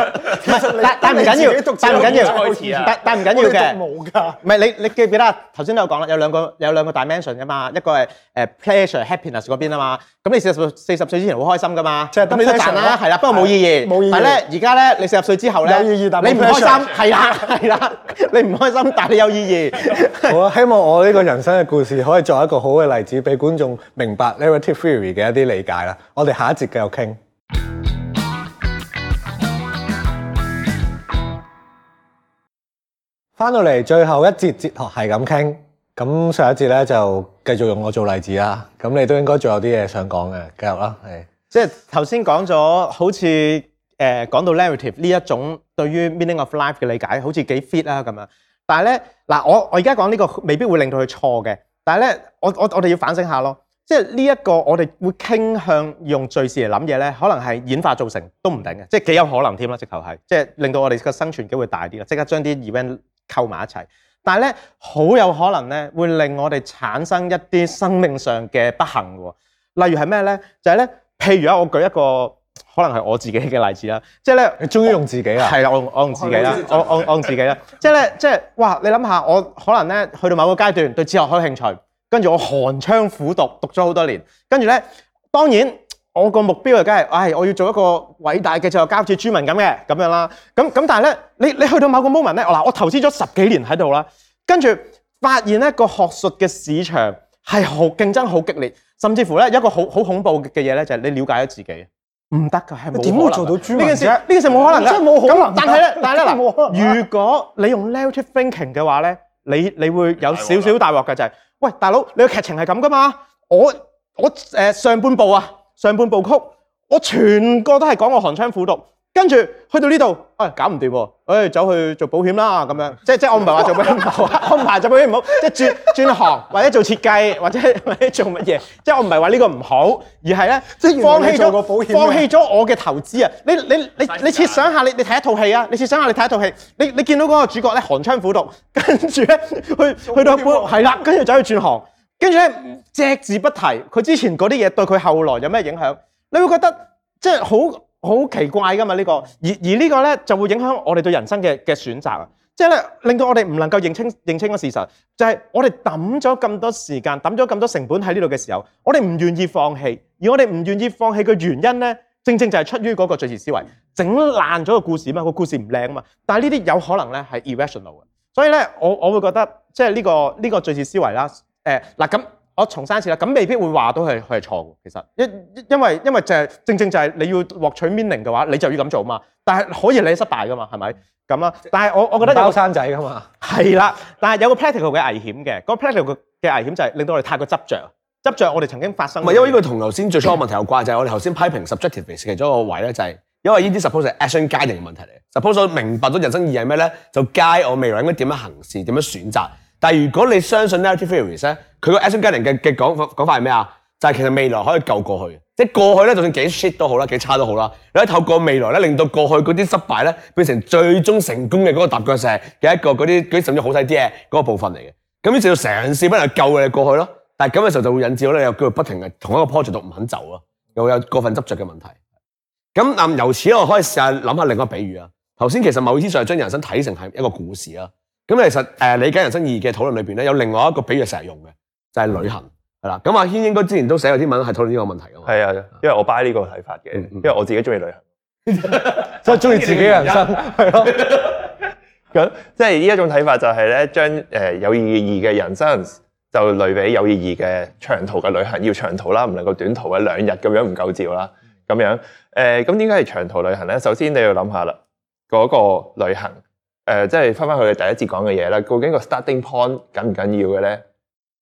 Speaker 3: 但但唔緊要，但唔緊要，但唔緊要
Speaker 4: 嘅冇㗎。唔係，你你記唔記得啊？頭先都有講啦，有兩個有兩個 dimension 㗎嘛，一個係誒 pleasure happiness 嗰邊啊嘛，咁你四十四十歲之好開心噶嘛？即係是得你得神啦，係啦、啊，不過冇意義。冇、啊、意義。但咧，而家咧，你四十歲之後咧，有意義，但你唔開心，係
Speaker 1: 啦， 係啦， 你唔開心， 但係你有意義。我 希望我呢個人生嘅故事可以作一個好嘅例子，俾觀眾明白 relative theory 嘅一啲理解啦。我哋下一節繼續傾。翻 到嚟，最後一節哲學係咁傾。咁上一節咧就。繼續用我做例子啦，咁你都應該仲有啲嘢想講嘅，繼續啦，係。即係頭先講咗，好似
Speaker 4: 誒、呃、講到 narrative 呢一種對於 meaning of life 嘅理解，好似幾 fit 啦咁樣。但係咧，嗱我我而家講呢個未必會令到佢錯嘅。但係咧，我我我哋要反省下咯。即係呢一個我哋會傾向用敘事嚟諗嘢咧，可能係演化造成都唔定嘅，即係幾有可能添啦。直頭係，即係令到我哋個生存機會大啲啦，即刻將啲 event 溝埋一齊。但係呢，好有可能呢，會令我哋產生一啲生命上嘅不幸喎。例如係咩呢？就係呢，譬如啊，我舉一個可能係我自己嘅例子啦。即係呢，你終於用自己啊？係啦我，的我我用自己啦，我用自己啦。即係呢，即係 哇！你諗下，我可能呢去到某個階段對哲學好有興趣，跟住我寒窗苦讀讀咗好多年，跟住呢，當然。我個目標就梗係，我要做一個偉大嘅，就交似豬文咁嘅咁樣啦。咁咁，但係呢，你你去到某個 moment 呢，我投資咗十幾年喺度啦，跟住發現一個學術嘅市場係好競爭好激烈，甚至乎咧一個好好恐怖嘅嘢咧，就係你了解咗自己，唔得㗎，係冇可能。點會做到豬文咧？呢件事呢件事冇可能㗎，真係冇可能。但係咧， 是但係咧 如果你用 lateral thinking 嘅話咧，你你，你會有少少，少大鑊嘅，就係、是、喂，大佬你個劇情係咁㗎嘛？我我，我上半部啊！上半部曲，我全個都係講我寒窗苦讀，跟住去到呢度，哎，搞唔掂喎，哎，走去做保險啦咁樣，即即我唔係話做保險唔好， 我唔係話做保險唔好， 即轉轉行或者做設計或者或者做乜嘢，即我唔係話呢個唔好，而係咧放棄咗做過保險，放棄咗我嘅投資，你你你你設想下，你你睇一套戲啊，你設想下你睇一套戲，你你你你見到嗰個主角咧寒窗苦讀，跟住咧去去去到係啦，跟住走去轉行。跟住呢，隻字不提佢之前嗰啲嘢對佢後來有咩影響？你會覺得即係好好奇怪噶嘛？呢個而而呢個呢，就會影響我哋對人生嘅嘅選擇啊！即係呢，令到我哋唔能夠認清認清個事實，就係我哋抌咗咁多時間、抌咗咁多成本喺呢度嘅時候，我哋唔願意放棄。而我哋唔願意放棄嘅原因呢，正正就係出於嗰個敘事思維整爛咗個故事啊嘛，個故事唔靚啊嘛。但係呢啲有可能咧係 irrational 嘅。所以咧，我我會覺得即係呢個呢個敘事思維啦。誒嗱咁，我重申一次啦，咁未必會話到佢佢係錯嘅。其實因因為因為就係、是、正正就係你要獲取 meaning 嘅話，你就要咁做嘛。但係可以你失敗噶嘛，係咪咁啊？但係我我覺得有個生仔噶嘛，係啦。但係有個 planning 嘅危險嘅，那個 planning 嘅危險就係令到我哋太過執着。執着我
Speaker 3: 哋曾經發生唔係，因為呢個同頭先最初個問題有關，就係、是、我哋頭先批評 subjective 嘅其中一個位咧、就是，就係因為呢啲 suppose 係 a s t i o n 界定嘅問題嚟。Suppose 我明白咗人生意義咩咧，就街我未來應該點樣行事，點樣選擇。但如果你相信 narrative theories 咧，佢個 action guiding 嘅嘅講法係咩啊？就係、是、其實未來可以救過去，即係過去咧，就算幾 shit 都好啦，幾差都好啦，你可以透過未來咧，令到過去嗰啲失敗咧變成最終成功嘅嗰個踏腳石嘅一個嗰啲，嗰啲甚至好睇啲嘢嗰個部分嚟嘅。咁於是乎成事不難救嘅過，過去咯。但係咁嘅時候就會引致到咧有機會不停係同一個 project 度唔肯走咯，又有過分執着嘅問題。咁由此我開始試下諗下另一個比喻啊。頭先其實某意思上係將人生睇成係一個故事啊。咁其實誒，理解人生意義嘅討論裏邊咧，有另外一個比喻成日用嘅就係、是、旅行，係啦。咁阿軒應該之前都寫過啲文係討論呢個問題噶嘛。係啊，因為我 buy 呢個睇法嘅，嗯嗯，因為我自己中意旅行，
Speaker 2: 即係中意
Speaker 1: 自己嘅人生，係
Speaker 2: 咯。咁即係呢一種睇法就係咧，將誒有意義嘅人生就類比有意義嘅長途嘅旅行，要長途啦，唔能夠短途嘅兩日咁樣唔夠照啦，咁樣誒，咁點解係長途旅行咧？首先你要諗下啦，嗰個旅行。誒、呃，即係翻翻去哋第一節講嘅嘢啦。究竟個 starting point 緊唔緊要嘅咧？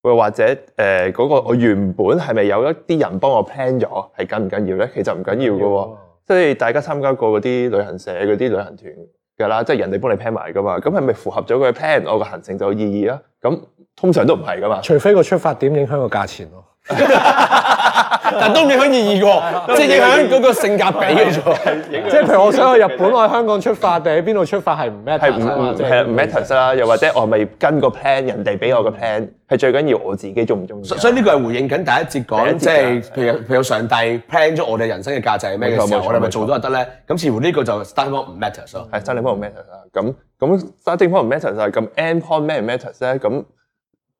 Speaker 2: 或或者誒，嗰、呃嗰個我原本係咪有一啲人幫我 plan 咗，係緊唔緊要咧？其實唔緊要嘅喎，即係、啊、大家參加過嗰啲旅行社嗰啲旅行團嘅啦，即係人哋幫你 plan 埋嘅嘛。咁係咪符合咗佢 plan 我個行程就有意義啊？咁通常都唔係嘅嘛。
Speaker 1: 除非個出發點影響個價錢咯。
Speaker 3: 但都唔影響意義喎，即係影響嗰個性價比嘅啫。
Speaker 1: 即係譬如我想去日本，我喺香港出發定喺邊度出發係唔 matters？係唔唔係唔
Speaker 2: matters 啦？又或者
Speaker 3: 我咪跟個 plan，人哋俾我個 plan 係最緊要，我自己中唔中意？所以呢個係回應緊第一節講，即係譬如有上帝 plan 咗我哋人生嘅價值係咩我哋咪做咗就得咧。咁似乎呢個就 starting point matters 咯。係 starting point matters 啦。咁咁 starting point matters 就係咁，end
Speaker 2: point 咩唔 matters 咧？咁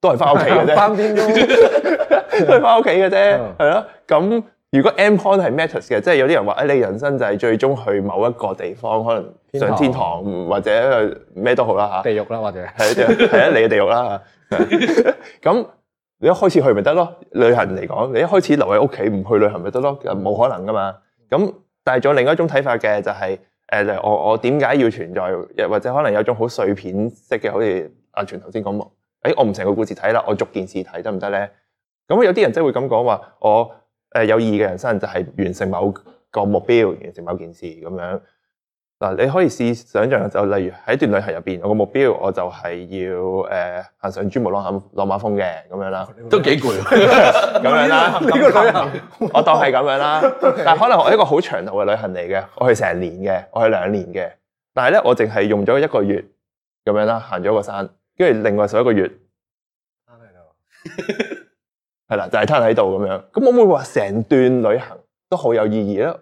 Speaker 2: 都係翻屋企嘅啫，三點
Speaker 1: 鐘
Speaker 2: 都係翻屋企嘅啫，係咯。咁如果 end point 係 matters 嘅，即係有啲人話誒、哎，你人生就係最終去某一個地方，可能上天堂，天堂或者咩都好啦吓，地獄啦或者係啊，係啊， 你嘅地獄啦吓。咁 你一開始去咪得咯？旅行嚟講，你一開始留喺屋企唔去旅行咪得咯？冇可能噶嘛。咁但係仲有另一種睇法嘅，就是，就係誒，我我點解要存在？或者可能有種好碎片式嘅，好似阿全頭先講。哎，我唔成個故事睇啦，我逐件事睇得唔得咧？咁有啲人真會咁講話，我誒有意義嘅人生就係完成某個目標，完成某件事咁樣。嗱，你可以試想像就例如喺段旅行入邊，我個目標我就係要誒行上珠穆朗瑪峯嘅咁樣啦，都幾攰咁樣啦。呢個旅行我當係咁樣啦，但係可能我一個好長途嘅旅行嚟嘅，我去成年嘅，我去兩年嘅，但係咧我淨係用咗一個月咁樣啦，行咗個山。跟住另外十一個月，攤喺度，係啦， 就係攤喺度咁樣。咁我唔會話成段旅行都好有意義啦。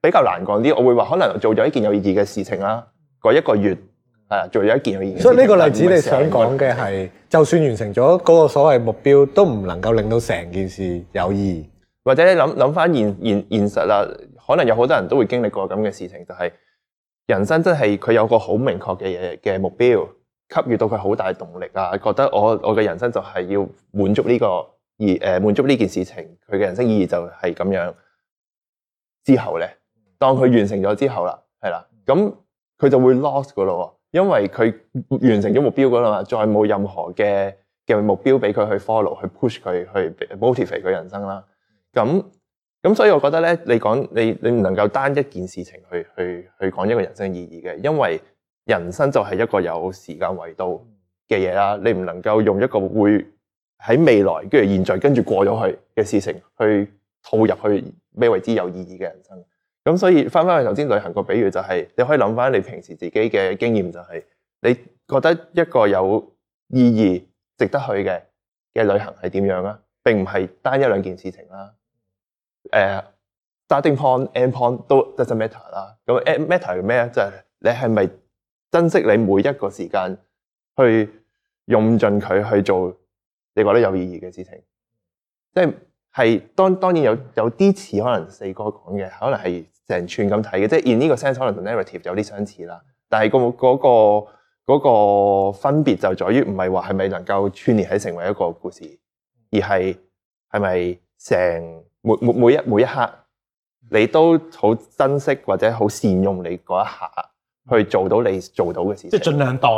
Speaker 2: 比較難講啲，我會話可能做咗一件有意義嘅事情啦。嗰一個月係啊，嗯、做咗一件有意義嘅事情。所以呢個例子不你想講嘅
Speaker 1: 係，就算完成咗嗰個所謂目標，都唔能夠令到成件事有意
Speaker 2: 義。或者你諗諗翻現現現實啦，可能有好多人都會經歷過咁嘅事情，就係、是、人生真係佢有個好明確嘅嘢嘅目標。給予到佢好大動力啊！覺得我我嘅人生就係要滿足呢個，呃，滿足呢件事情，佢嘅人生意義就係咁樣。之後咧，當佢完成咗之後啦，係啦，咁佢就會 lost 噶啦，因為佢完成咗目標噶啦嘛，再冇任何嘅嘅目標俾佢去 follow 去 push 佢去 motivate 佢人生啦。咁咁所以我覺得咧，你講你你唔能夠單一件事情去去去，去講一個人生意義嘅，因為。人生就係一個有時間維度嘅嘢啦，你唔能夠用一個會喺未來跟住現在跟住過咗去嘅事情去套入去咩為之有意義嘅人生。咁所以翻翻去頭先旅行個比喻就係、是，你可以諗翻你平時自己嘅經驗就係、是，你覺得一個有意義、值得去嘅嘅旅行係點樣啊？並唔係單一兩件事情啦。誒、呃、starting point and end point 都 does matter 啦。咁 matter 係咩啊？即係你係咪？珍惜你每一個時間，去用盡佢去做你覺得有意義嘅事情。即係係當當然有有啲似可能四哥講嘅，可能係成串咁睇嘅，即係 in 呢個 sense 可能同 narrative 有啲相似啦。但係、嗰個嗰個嗰個分別就在於唔係話係咪能夠串聯喺成為一個故事，而係係咪成每每每一每一刻你都好珍惜或者好善用你嗰一下。去做到你做到嘅事，即係
Speaker 4: 盡量代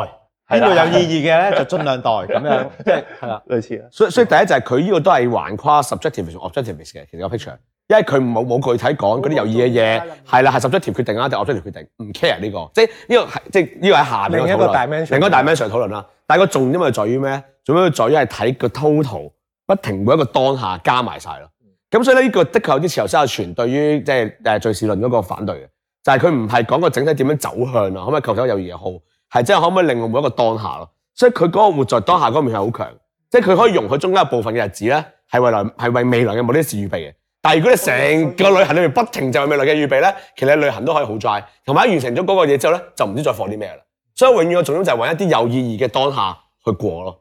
Speaker 4: 邊度
Speaker 2: 有意義嘅咧，
Speaker 3: 就盡量代咁樣， 即係係啦，類似。所以所以第一就係佢呢個都係橫跨 subjective 同 objective 嘅，其實個 picture，因為佢冇冇具體講嗰啲有意義嘅嘢，係啦、嗯，係 subjective 決定啦，定 objective 決定，唔 care 呢個，即係呢個係即係呢個喺下邊另一個大 dimension 另一個 dimension 討論啦。論啊，但係個重點咪在於咩？重點在於係睇個 total 不停每一個當下加埋晒咯。咁所以呢，依個的確有啲時候身有傳對於即係誒敍事論嗰個反對嘅。就係佢唔係講個整體點樣走向啊，可唔可以求手有意義又好，係真係可唔可以令我每一個當下咯、啊？所以佢嗰個活在當下嗰面係好強，即係佢可以容許中間部分嘅日子咧，係未來係為未來嘅某啲事預備嘅。但係如果你成個旅行裏面不停就係未來嘅預備咧，其實你旅行都可以好晒，同埋完成咗嗰個嘢之後咧，就唔知再放啲咩啦。所以永遠我重點就係揾一啲有意義嘅當下去過咯。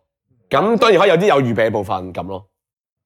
Speaker 3: 咁當然可以有啲有預備嘅部分咁咯。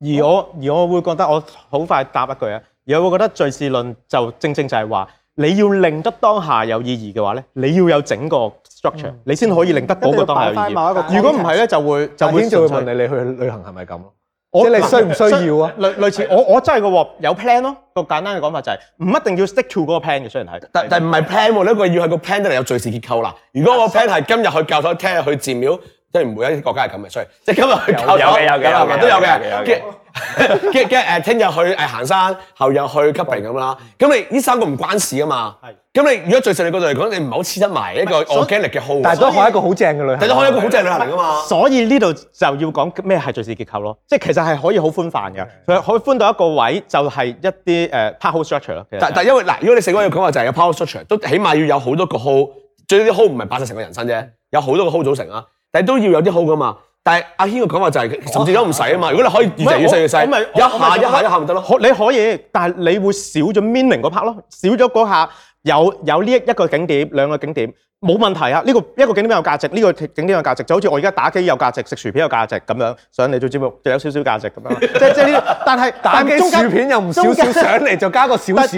Speaker 3: 而
Speaker 4: 我而我會覺得我好快答一句啊，而我會覺得敘事論就正正就係話。你要令得當下有意義嘅話咧，你要有整個 structure，你先可以令得嗰個當下有意義。如果唔係咧，就會就會問你
Speaker 1: 你去旅行係咪咁咯？
Speaker 4: 即係你需唔需要啊？類類似我我真係嘅喎，有 plan 咯。個簡單嘅講法就係唔一定要 stick to 嗰個 plan 嘅，雖然
Speaker 3: 係，但但唔係 plan 喎。呢個要係個 plan 都係有敘事結構啦。如果我 plan 係今日去教堂，聽日去寺廟，即係唔會有啲國家係咁嘅，所以即係今日去教堂，有嘅有嘅，係咪都有嘅？嘅誒，聽日去誒行山，後日去 camping 咁啦。咁你呢三個唔關事噶嘛。係。咁你如果敘事角度嚟講，你唔好黐得埋一個 organic 嘅 hole，但係都可以一個好正嘅旅行，但都可以一個好正嘅旅行噶嘛。所
Speaker 4: 以呢度就要講咩係敘事結構咯，即係其實係可以好寬泛嘅，佢可以寬到一個位
Speaker 3: 就係一啲誒 power structure 咯。但但因為嗱，如果你四個要講話就係有 power structure，都起碼要有好多個 hole，最啲 hole 唔係擺晒成個人生啫，有好多個 hole 組成啊，但係都要有啲 hole 噶嘛。但係阿軒嘅講話就係、是，甚至都唔使啊嘛。如果你可以越嚟越細越細，一下一下一下咪得
Speaker 4: 咯。你可以，但係你會少咗 meaning 嗰 part 咯，少咗嗰下有呢一個景點、兩個景點，冇問題啊。呢、這個一個景點有價值，呢、這個景點有價值，就好似我而家打機有價值，食薯片有價值咁樣上嚟做節目就有少少價值咁樣。即、 就是、但係打機薯片又唔少上嚟就加個少少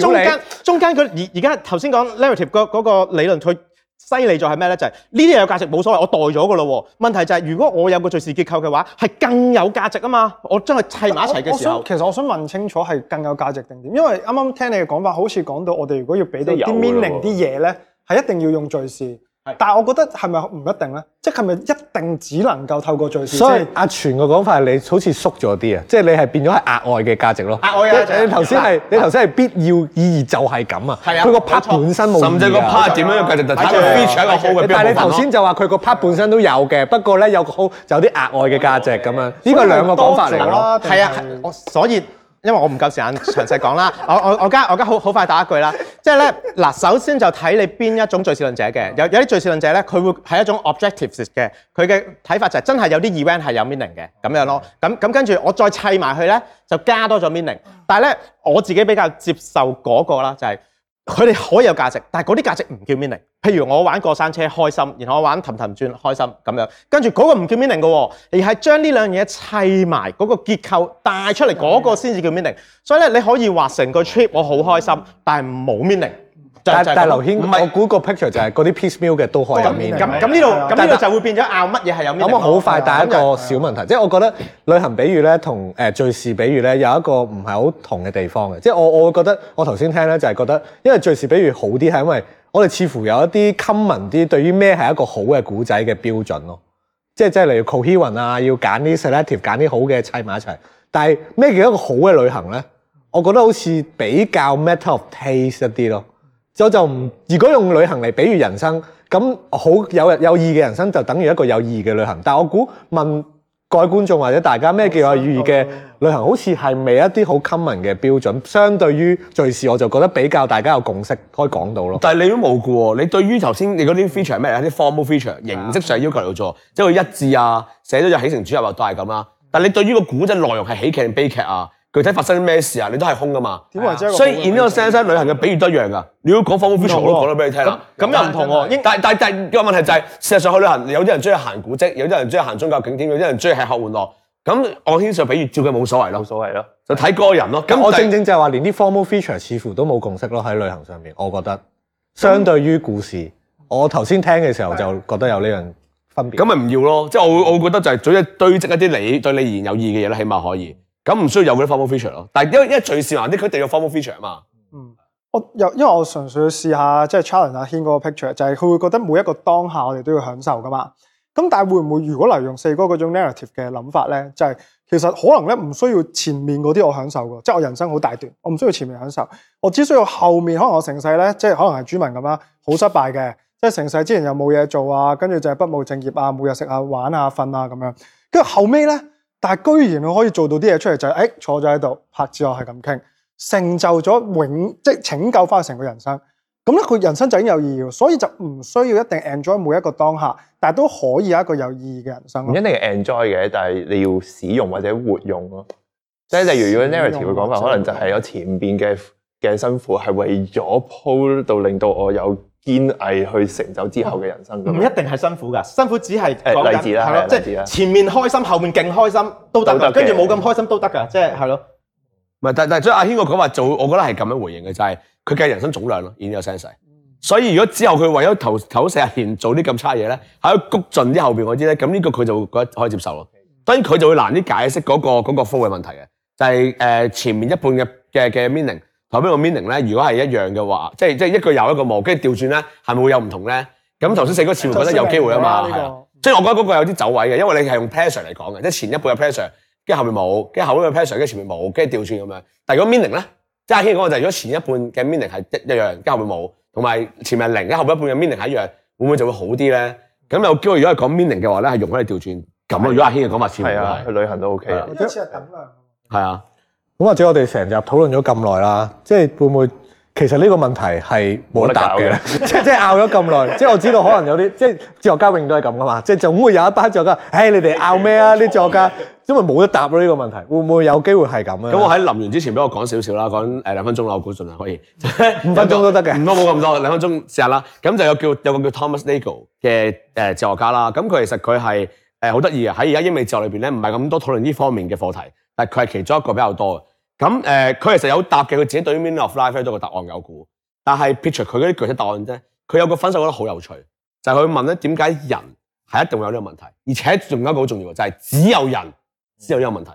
Speaker 4: 中間佢而而家頭先講 narrative 嗰嗰個理論去。犀利就係咩呢？就係呢啲有價值冇所謂，我代咗噶啦喎。問題就係、是、如果我有個敘事結構嘅話，係更有價值啊嘛。我將佢砌埋一齊嘅時候，
Speaker 5: 其實我想問清楚係更有價值定點，因為啱啱聽你嘅講法，好似講到我哋如果要俾到有 meaning 啲嘢呢，係一定要用敘事。但我覺得係咪唔一定咧？即係咪一定只能夠透過最少？所
Speaker 1: 以阿全嘅講法係你好似縮咗啲啊！即係你係變咗係額外嘅價值咯。額外嘅，你頭先係你頭先係必要意義就係咁啊。啊。佢個拍本身冇，甚至個拍 a r t 點樣嘅價值就睇佢 beach 一個好嘅。但係你頭先就話佢個拍本身都有嘅，不過呢有個好有啲額外嘅價值咁樣。
Speaker 4: 呢個兩個講法嚟咯。係啊，我所以。因為我唔夠時間詳細講啦，我我我而家我而家好好快打一句啦，即係呢。嗱，首先就睇你邊一種敘事論者嘅，有有啲敘事論者呢，佢會係一種 objectives 嘅，佢嘅睇法就係真係有啲 event 係有 meaning 嘅咁樣咯，咁咁跟住我再砌埋去呢，就加多咗 meaning，但係呢，我自己比較接受嗰個啦、就係，就係。佢哋可以有價值，但係嗰啲價值唔叫 meaning。譬如我玩過山車開心，然後我玩氹氹轉開心咁樣，跟住嗰個唔叫 meaning 噶，而係將呢兩嘢砌埋，嗰個結構帶出嚟，嗰個先至叫 meaning。所以你可以話成個 trip 我好開心，但係冇 meaning。但係大劉軒，
Speaker 1: 我估個 picture 就係嗰啲 piece meal 嘅都可以入面。咁咁呢度，咁呢度就
Speaker 4: 會變咗拗乜嘢係有面。咁啊、哦，好快，但一個
Speaker 1: 小問題，即係我覺得旅行比喻咧，同誒敘事比喻咧有一個唔係好同嘅地方嘅。即係我我會覺得，我頭先聽咧就係覺得，因為敘事比喻好啲係因為我哋似乎有一啲 common 啲對於咩係一個好嘅古仔嘅標準咯。即係即係例如 coherent 啊，要揀啲 selective，揀啲好嘅砌埋一齊。但係咩叫一個好嘅旅行咧？我覺得好似比較 matter of taste 一啲咯。就如果用旅行嚟比喻人生，咁好有有意義嘅人生就等於一個有意義嘅旅行。但我估問各位觀眾或者大家，咩叫有意義嘅旅行？好似係咪一啲好 common 嘅標準。相對於敘事，我就覺得比較大家有共識可以講
Speaker 3: 到咯。但係你都冇嘅喎，你對於頭先你嗰啲 feature 咩啊，啲 formal feature 形式上要求要做，的即係一致啊，寫到有起承轉合都係咁啦。但你對於個故事內容係喜劇定悲劇啊？具體發生咩事啊？你都係空噶嘛？點啊？雖然呢個 sense 旅行嘅比喻都一樣噶，你要講 formal feature 我都講咗俾你聽啦。咁又唔同喎。但但第二個問題就係，事實上去旅行，有啲人中意行古蹟，有啲人中意行宗教景點，有啲人中意吃喝玩樂。咁我經常比喻照計冇所謂咯，冇所謂咯，就睇個人咯。咁我正
Speaker 1: 正就係話，連啲 formal feature 似乎都冇共識咯。喺旅行上面，我覺得相對於故事，我頭先聽嘅時候就覺得有呢樣分
Speaker 3: 別。咁咪唔要咯？即係我我覺得就係總之堆積一啲你對你而言有意義嘅嘢咯，起碼可以。咁唔需要有嗰啲 formal feature 咯，但係因為因為最善啲佢哋有 formal feature 啊嘛。嗯，
Speaker 5: 我又因為我純粹試下即係 challenge 阿軒嗰個 picture，就係佢會覺得每一個當下我哋都要享受噶嘛。咁但係會唔會如果嚟用四哥嗰種 narrative 嘅諗法咧，就係、是、其實可能咧唔需要前面嗰啲我享受噶，即、就、係、是、我人生好大段，我唔需要前面享受，我只需要後面可能我成世咧，即、就、係、是、可能係朱民咁啦，好失敗嘅，即、就、係、是、成世之前又冇嘢做啊，跟住就係不務正業啊，每日食啊玩啊瞓啊咁樣，跟住後尾咧。但係居然佢可以做到啲嘢出嚟，就係、是、誒、哎、坐咗喺度，拍子我係咁傾，成就咗永即拯救返成個人生。咁咧佢人生就已經有意義，所以就唔需要一定 enjoy 每一個當下，但係都可以有一個有意義嘅人生。唔一
Speaker 2: 定 enjoy 嘅，但係你要使用或者活用咯。即係例如如果 narrative 嘅講法，可能就係我前邊嘅嘅辛苦係為咗鋪到令到我有。堅毅去成就之後嘅人生
Speaker 4: 咁，唔一定係辛苦噶，辛苦只係
Speaker 2: 誒例子啦，係咯，即係吧的前
Speaker 3: 面開心，後面勁開心都得，都跟住冇咁開心、嗯、都得噶，即係係咯。唔係，但係所以阿軒個講話做，我覺得係咁樣回應嘅，就係佢計人生總量咯，已經有 sen、嗯、se，所以如果之後佢為咗頭頭四十年做啲咁差嘢咧，喺谷盡啲後邊嗰啲咧，咁呢個佢就會覺得可以接受咯。當然佢就會難啲解釋嗰、嗰個科、嗰個嘅、嗰個、問題嘅，就係、是、誒、呃、前面一半嘅嘅嘅 meaning。後面個 meaning 咧，如果係一樣嘅話，即係即係一個有一個冇，跟住調轉咧，係咪會有唔同咧？咁頭先四個似乎覺得有機會啊嘛，係啊。所以我覺得嗰個有啲走位嘅，因為你係用 pleasure 嚟講嘅，即係前一半嘅 pleasure 跟住後面冇，跟住後邊嘅 pleasure 跟住前面冇，跟住調轉咁樣。但係如果 meaning 咧，即係阿軒講嘅就係如果前一半嘅 meaning 係一一樣，跟住後面冇，同埋前面零，跟住後一半嘅 meaning 係一樣，會唔會就會好啲咧？咁有機會，如果係講 meaning 嘅話咧，係用喺你調轉咁啊。如果阿軒講埋似係啊，去旅行都 OK 嘅。似係等
Speaker 5: 量。
Speaker 3: 係啊。
Speaker 1: 或者我哋成集討論咗咁耐啦，即係會唔會其實呢個問題係冇得答嘅？即係即係拗咗咁耐，即係我知道可能有啲即係哲學家永遠都係咁噶嘛，就係就會有一班哲學家，唉，你哋拗咩啊？啲哲學家因為冇得答咯呢個問題，會唔會有機會係咁啊？咁我
Speaker 3: 喺臨完之前俾我講少少啦，講誒兩分鐘啦，我估盡量可以五分鐘都得嘅，唔好冇咁多，兩分鐘時間啦。咁就有叫有個叫 Thomas Nagel 嘅哲學家啦，咁佢其實佢係誒好得意啊，喺而家英美哲學裏邊咧，唔係咁多討論呢方面嘅課題。但佢係其中一個比較多嘅，咁誒，佢、呃、其實有答嘅，佢自己對於 meaning of life 都有個答案有估。但係 picture 佢嗰啲具體答案啫，佢有個分手覺得好有趣，就佢、是、問咧，點解人係一定會有呢個問題？而且仲有一個好重要嘅就係、是、只有人先有呢個問題。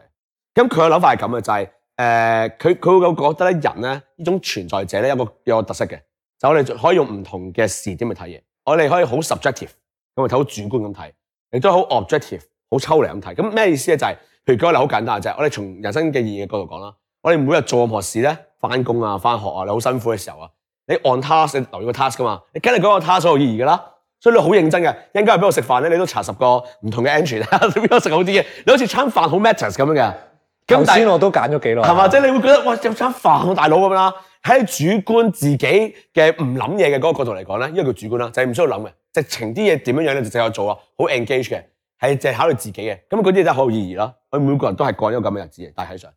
Speaker 3: 咁佢嘅諗法係咁嘅，就係、是、誒，佢佢會覺得咧，人咧呢種存在者咧有個有個特色嘅，就是、我哋可以用唔同嘅視點去睇嘢，我哋可以好 subjective 咁去睇好主觀咁睇，亦都好 objective。好抽離咁睇，咁咩意思咧？就係、是、譬如舉個例，好簡單、就是、啊，即係我哋從人生嘅意義角度講啦。我哋每日做任何事咧，返工啊，返學啊，你好辛苦嘅時候啊，你 on task，你留意一個 task 噶嘛，你梗係講個 task 有意義噶啦。所以你好認真嘅，應該去邊度食飯咧？你都查十個唔同嘅 entry，你邊度食好啲嘢。你好似餐飯好 matters 咁樣嘅。
Speaker 1: 頭先我
Speaker 3: 都揀咗幾耐。係嘛，即、就、係、是、你會覺得喂，食餐飯、啊、大佬咁啦。喺主觀自己嘅唔諗嘢嘅嗰個角度嚟講咧，因為叫主觀啦，就係、是、唔需要諗嘅，直情啲嘢點樣樣咧就就是、去做啊，好 engage 嘅。係淨係考慮自己嘅，咁嗰啲真係好有意義啦。我每個人都係過咗咁嘅日子嘅，但係實際上，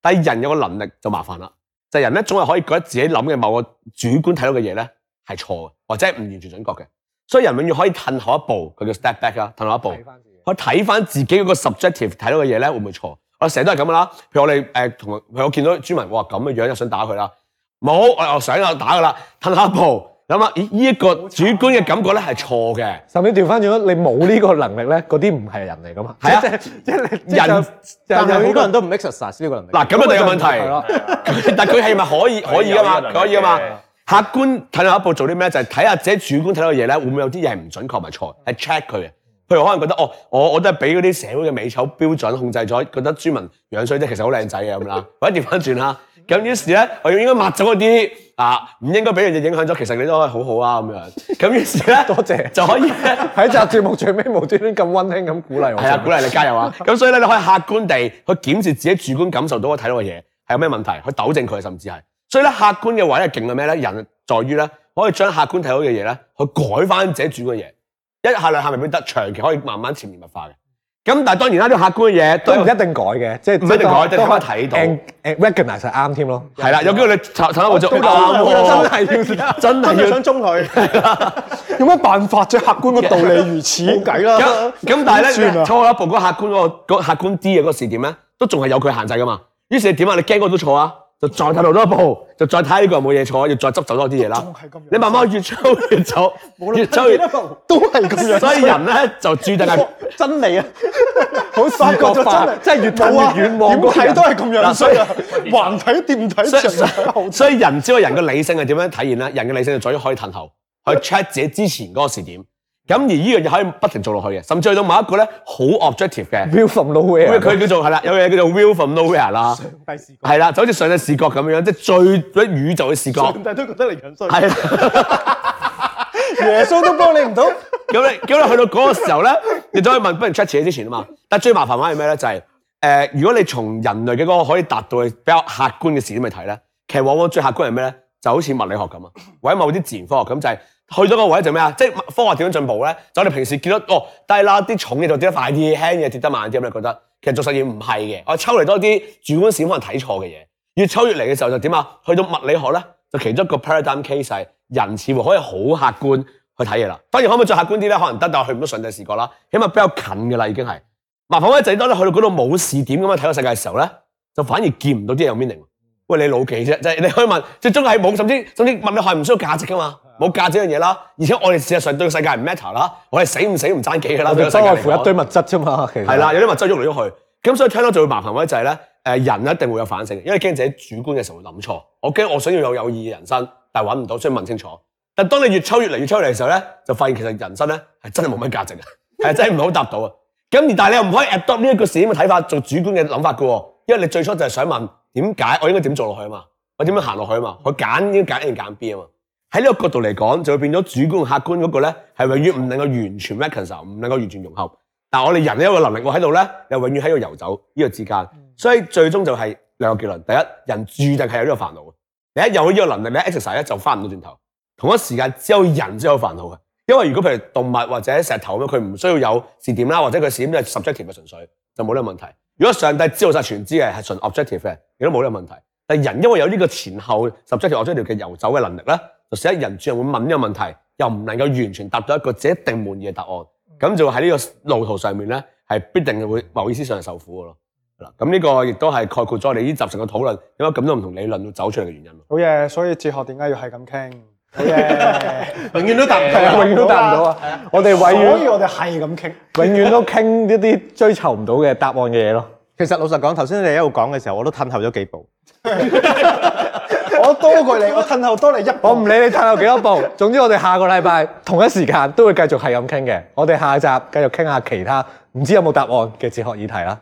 Speaker 3: 但係人有個能力就麻煩啦，就係、人咧總係可以覺得自己諗嘅某個主觀睇到嘅嘢咧係錯嘅，或者係唔完全準確嘅。所以人永遠可以褪後一步，佢叫 step back 啦，褪後一步，我睇翻自己,自己個 subjective 睇到嘅嘢咧會唔會錯？我成日都係咁啦，譬如我哋誒同，譬如我見到朱文，哇咁嘅樣就想打佢啦，冇，我又想又打噶啦，褪後一步。諗下，呢個主觀嘅感覺咧係錯嘅，
Speaker 1: 甚至調翻咗你冇呢個能力咧，嗰啲唔係人嚟噶嘛。係啊，即係人，
Speaker 3: 但好多人都唔 exercise 呢個能力。嗱，咁樣就有問題。係咯，但係佢係咪可以可以噶嘛？可以噶嘛？客觀睇下一步做啲咩，就係睇下自己主觀睇到嘅嘢咧，會唔會有啲嘢唔準確咪錯？係 check 佢啊。譬如可能覺得哦，我我都係俾嗰啲社會嘅美醜標準控制咗，覺得朱文樣衰啲，其實好靚仔嘅咁啦。或者調翻轉啦，咁於是呢，我應該抹走嗰啲啊，唔應該俾人哋影響咗，其實你都可以好好啊咁樣。咁於是呢，多謝就
Speaker 1: 可以喺集 節目最尾無端端咁溫
Speaker 3: 馨咁鼓勵我，係的我說 鼓勵你加油啊！咁 所以呢，你可以客觀地去檢視自己主觀感受到我睇到嘅嘢係有咩問題，去糾正佢，甚至係。所以呢，客觀嘅位咧，勁嘅咩呢？人在於呢，可以將客觀睇到嘅嘢呢，去改翻自己主觀嘅嘢。一下兩下咪變得長期可以慢慢潛移默化嘅，咁但係當然啦，啲客觀嘅嘢都唔一定改嘅，即係唔一定改。當佢睇到
Speaker 1: recognise 啱添咯，係啦，有機
Speaker 3: 會你睇睇我做啱喎，真係要真係
Speaker 4: 要想
Speaker 5: 中佢，有乜辦法啫？客觀嗰道理如此，冇計咯。咁但係咧，錯
Speaker 3: 一步嗰客觀嗰客觀啲嘅嗰個視點咧，都仲係有佢限制噶嘛。於是你點啊？你驚嗰都錯啊？再睇多一步，就再睇呢個冇嘢錯，要再執走多啲嘢啦。你慢慢越抽越走，越抽越都係咁樣。所以人呢就注定係
Speaker 5: 真理啊！好衰國化，真係越睇越遠望，睇都係咁樣。所以橫睇掂睇，
Speaker 3: 所以人知道人嘅理性係點樣體現咧？人嘅理性就在於可以褪後去 check 自己之前嗰個時點。咁而呢樣嘢可以不停做落去嘅，甚至去到某一個咧，好 objective 嘅，view from nowhere，咁佢叫做係啦， 有嘢叫做 view from nowhere 啦，上帝視角，就好似上帝視角咁樣即係最宇宙嘅視角，上
Speaker 4: 帝都覺得你咁衰，係
Speaker 3: 的， 耶穌都幫你唔到，咁 你，咁你去到嗰個時候咧，你都可以問，不能出事之前啊嘛，但最麻煩嘅係咩呢？就係、是呃、如果你從人類嘅嗰個可以達到比較客觀嘅事點去睇呢？其實往往最客觀係咩呢？就好似物理學咁啊，或者某啲自然科學咁就係、是。去到個位就咩啊？即科學點樣進步呢？就你平時見到哦低啦，啲重嘢就跌得快啲，輕嘢跌得慢啲咁，你覺得其實做實驗唔係嘅，我、啊、抽嚟多啲主觀史可能睇錯嘅嘢，越抽越嚟嘅時候就點啊？去到物理學呢，就其中一個 paradigm case，係人似乎可以好客觀去睇嘢啦。當然可唔可以再客觀啲呢？可能得，但係去唔到上帝視角啦。起碼比較近嘅啦，已經係麻煩一仔多咧。去到嗰度冇視點咁啊，睇個世界嘅時候呢，就反而見唔到啲嘢有 meaning。喂，你老幾啫？即係、你可以問，最終係冇，甚至甚至物理學係唔需要價值噶嘛？冇價值樣嘢啦，而且我哋事實上對世界唔 matter 啦，我係死唔死都唔爭幾噶啦。人生係負一堆
Speaker 1: 物質啫嘛，係啦，有啲物
Speaker 3: 質喐嚟喐去，咁所以聽到就會麻煩位就係咧，人一定會有反省，因為驚自己主觀嘅時候會諗錯。我驚我想要有有意義嘅人生，但係搵唔到，所以問清楚。但係當你越抽越嚟越抽嚟嘅時候咧，就發現其實人生咧係真係冇乜價值嘅， 真係唔好答到啊。咁但係你又唔可以 adopt 呢一事情嘅睇法，死嘅睇法做主觀嘅諗法噶，因為你最初就係想問點解我應該點做落去嘛，我點樣行落去嘛，我揀應該揀 A 定揀 B 啊嘛。喺呢個角度嚟講，就會變咗主觀客觀嗰個咧，係永遠唔能夠完全 reconcile 唔能夠完全融合。但係我哋人呢一個能力，我喺度咧，又永遠喺度遊走呢、呢個之間。所以最終就係兩個結論：第一，人注定係有呢個煩惱嘅；第二，有呢個能力嘅 exercise 咧，你一就翻唔到轉頭。同一時間，只有人先有煩惱嘅。因為如果譬如動物或者石頭咁樣，佢唔需要有視點啦，或者佢視點係 Subjective 嘅純粹，就冇呢個問題。如果上帝知道曬全知嘅係純 objective 嘅，亦都冇呢個問題。但係人因為有呢個前後 subjective objective 嘅遊走嘅能力咧。每一人，主人都會問呢個問題，又唔能夠完全答到一個自一定滿意嘅答案，咁、嗯、就喺呢個路途上面咧，係必定會某意思上受苦嘅咯。嗱、嗯，咁、嗯、呢個亦都係概括咗我哋呢集成嘅討論，點解咁多唔同理論會走出嚟嘅原因？
Speaker 5: 好嘅，所以哲學點解要係咁傾？
Speaker 3: 永遠都答唔到， 永遠都答唔到啊！ 我哋永遠，所以
Speaker 5: 我哋係咁傾， 永遠都
Speaker 1: 傾一啲追求唔到嘅答案嘅嘢咯。 其實老實講，頭先你一路講嘅時候，我都褪後咗幾步。 多過你，我退後多你一步。我唔理你退後幾多步， 總之我哋下個禮拜同一時間都會繼續係咁傾嘅。我哋下一集繼續傾下其他唔知有冇答案嘅哲學議題啦。